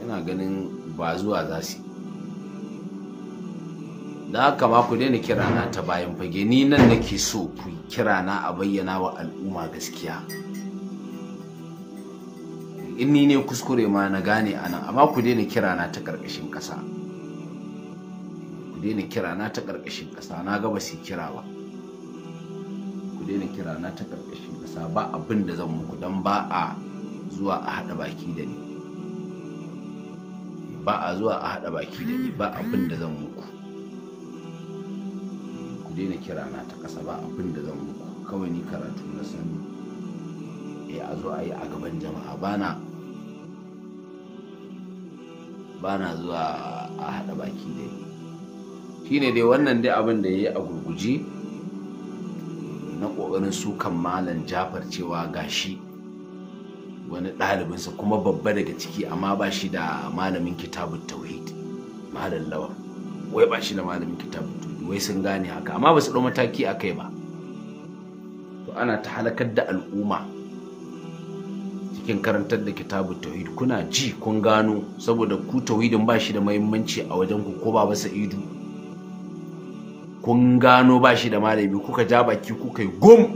yana ganin ba zuwa za su da haka ma ku daina kira na ta bayan fage ni nan nake so ku kira na a bayyana wa al'umma gaskiya in ni ne kuskure ma na gane a nan amma ku daina kira na ta ƙarƙashin ƙasa ku daina kira na ta ƙarƙashin ƙasa na gaba su kira ba daina kira na ta karkashin kasa ba abin da zan muku dan ba a zuwa a haɗa baki da ni ba a zuwa a haɗa baki da ni ba abin da zan muku ku daina kira na ta kasa ba abin da zan muku kawai ni karatu na sani eh a zo a yi a gaban jama'a bana bana zuwa a haɗa baki da ni shine dai wannan dai abin da ya yi a gurguje na ƙoƙarin sukan malam jafar cewa ga shi wani ɗalibinsa kuma babba daga ciki amma ba shi da malamin kitabun tauhid malam lawa wai ba shi da malamin kitabun tauhid wai sun gane haka amma ba su ɗau mataki a kai ba to ana ta halakar da al'umma cikin karantar da kitabun tauhid kuna ji kun gano saboda ku tauhidin ba shi da mahimmanci a wajen ku ko ba ba sa'idu kun gano ba shi da malami kuka ja baki kuka yi gum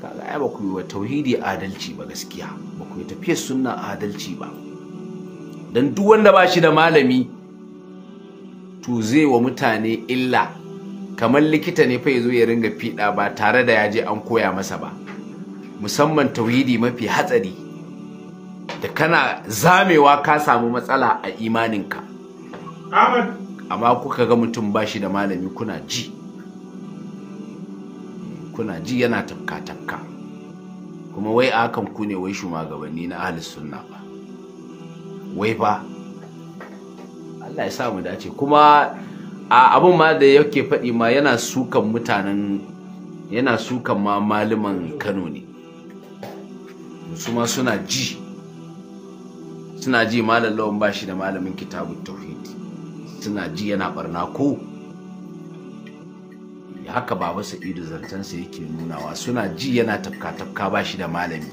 kaga ai ba ku yi wa tauhidi adalci ba gaskiya ba ku yi tafiyar sunna adalci ba dan duk wanda ba shi da malami to zai wa mutane illa kamar likita ne fa yazo ya ringa fiɗa ba tare da ya je an koya masa ba musamman tauhidi mafi hatsari da kana zamewa ka samu matsala a imaninka amma kuka ga mutum ba shi da malami kuna ji kuna ji yana tafka-tafka kuma wai a hakan ku ne wai shugabanni na ahli sunna ba wai ba Allah ya sa mu dace kuma a abin ma da yake faɗi ma yana sukan mutanen yana sukan ma maliman Kano ne su ma suna ji suna ji malam lawan ba shi da malamin kitabun tauhid suna ji yana barna ko haka baba sa'idu zancensa yake nunawa suna ji yana tafka-tafka ba shi da malami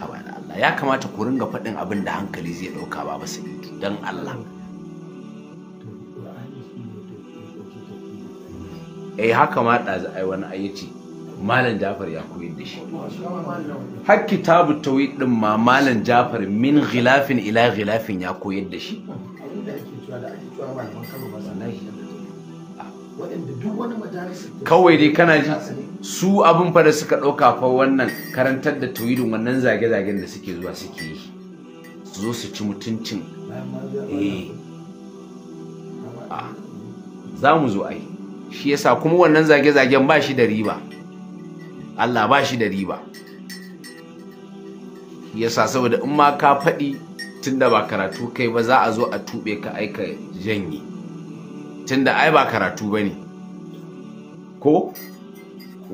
Allah ya kamata ku ringa faɗin abin da hankali zai ɗauka baba sa'idu don Allah eh haka ma ɗazu ai wani ayyaci malam jafar ya koyar da shi har kitabu tawhid din ma malam jafar min ghilafin ila ghilafin ya koyar da shi kawai dai kana ji su abin fa da suka ɗauka fa wannan karantar da tauhidin wannan zage-zagen da suke zuwa suke yi su zo su ci mutuncin eh. ah. za mu zo ai shi yasa kuma wannan zage-zagen ba shi da riba Allah ba shi da riba yasa saboda in ma ka faɗi tunda ba karatu kai ba za a zo a tuɓe ka aika janye tunda ai ba karatu ba ne ko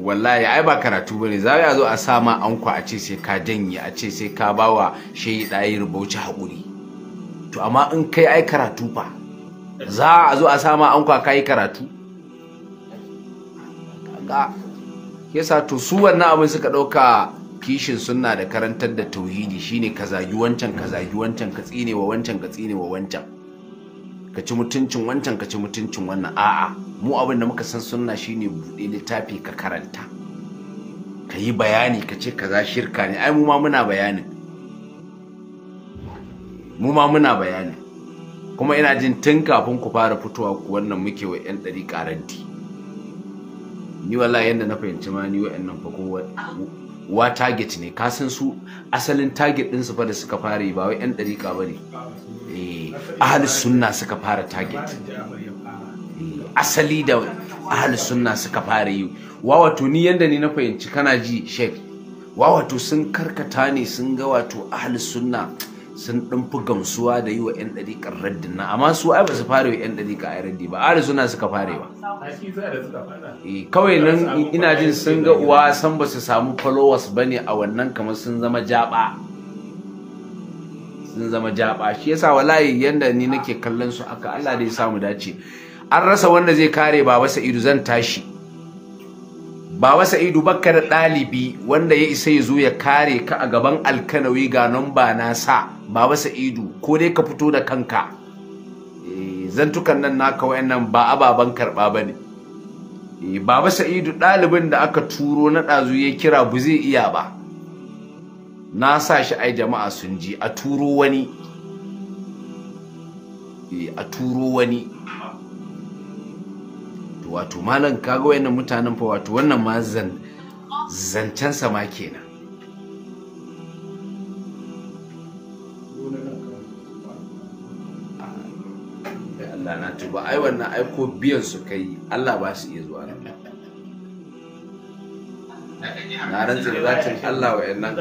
wallahi ai ba karatu ba ne za a zo a sama anko a ce sai ka janye a ce sai ka bawa shehi yi rubauci haƙuri to amma in kai ai karatu fa za a zo a sama anko ka yi karatu ga yasa to su wannan abin suka ɗauka kishin sunna da karantar da tauhidi shine ka zagi wancan ka zagi wancan ka tsine wa wancan ka tsine wa wancan ka ci mutuncin wancan ka ci mutuncin wannan a'a mu abin da muka san sunna shine buɗe littafi ka karanta ka yi bayani ka ce kaza shirka ne ai mu ma muna bayani mu ma muna bayani kuma ina jin tun kafin ku fara fitowa ku wannan muke wa 'yan ɗari ƙaranti ni wallahi yadda na fahimci ma ni wa'annan fa kowa wa target ne ka san su asalin target ɗinsu fa da suka fara yi ba wai 'yan ɗariƙa ba ne eh ahalus sunna suka fara target asali da ahalus sunna suka fara yi wato ni yanda ni na fahimci kana ji wa wato sun karkata ne sun ga wato ahalus sunna sun fi gamsuwa da yi wa 'yan ɗariƙar raddin na amma su ai ba su fara wa 'yan ɗariƙa a raddi ba ahalus sunna suka fara yi ba eh, kawai nan ina jin sun ga uwa san ba su samu followers ba ne a wannan kamar sun zama jaba sun zama jaba shi yasa wallahi yanda ni nake kallon su aka Allah dai samu dace an rasa wanda zai kare baba sa'idu zan tashi baba sa'idu da ɗalibi wanda ya isa ya zo ya kare ka a gaban alkanawi ga namba na sa baba sa'idu ko dai ka fito da kanka eh, zantukan nan naka wayannan ba ababen karɓa ba ne eh, baba sa'idu ɗalibin da aka turo na ɗazu ya kira bu zai iya ba na sa shi ai jama'a sun ji a turo wani eh, a turo wani wato malam kaga wayannan mutanen fa wato wannan ma zan zancen sama kenan Allah na tuba ai wannan aiko biyan su kai Allah ba su iya zuwa nan na rantsi da zatin Allah wayannan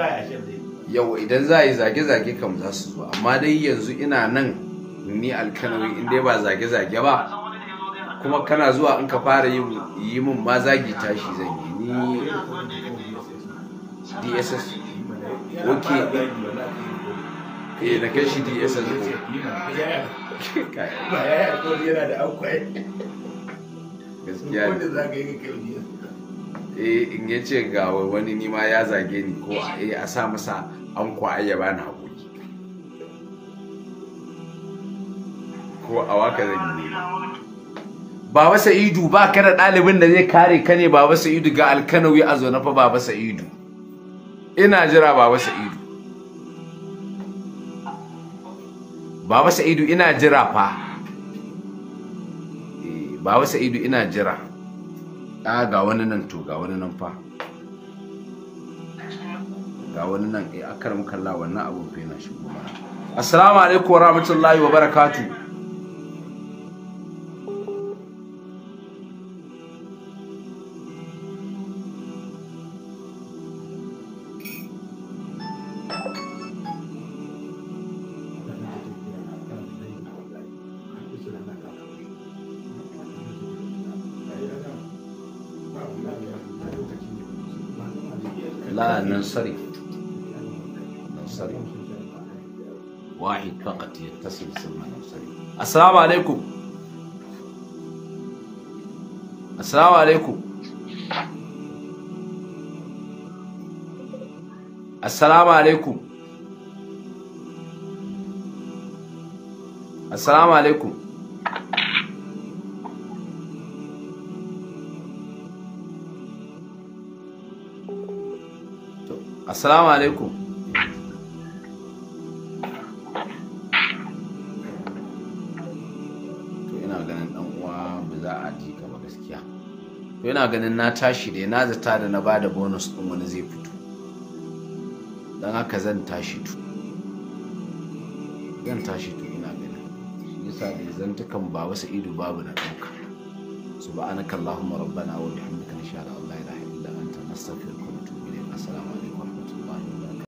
yau idan za a yi zage-zage kam za su zo amma dai yanzu ina nan ni alkanawi in dai ba zage-zage ba kuma kana zuwa in ka fara yi min ma zagi tashi zan yi ni dss ok eh na kai shi dss ko yana da akwai gaskiya ne eh in ya ce ga wani nima ya zage ni ko eh a sa masa an kwaye ya na aboki, ko a waka zan yi baba sa'idu ba ka da ɗalibin da zai kare ka ne baba sa'idu ga alkanawi a zo na fa baba sa'idu ina jira baba sa'idu baba sa'idu ina jira fa eh, baba sa'idu ina jira a ah, ga wani nan to ga wani nan fa ga wani nan eh, a karam kalla wannan abu bai na shigo mana assalamu alaikum wa wabarakatuh wa sari alaikum assalamu alaikum assalamu alaikum assalamu alaikum assalamu alaikum to ina ganin ɗan uwa ba za a ji ka ba gaskiya to ina ganin na tashi da na zata da na bada bonus ɗin wani zai fito dan haka zan tashi tu zan tashi tu ina ganin shi yasa da zantukan ba wasu ido babu na ɗauka. subhanakallahumma rabbana wa bihamdika nashhadu an la ilaha illa anta nastaghfiruka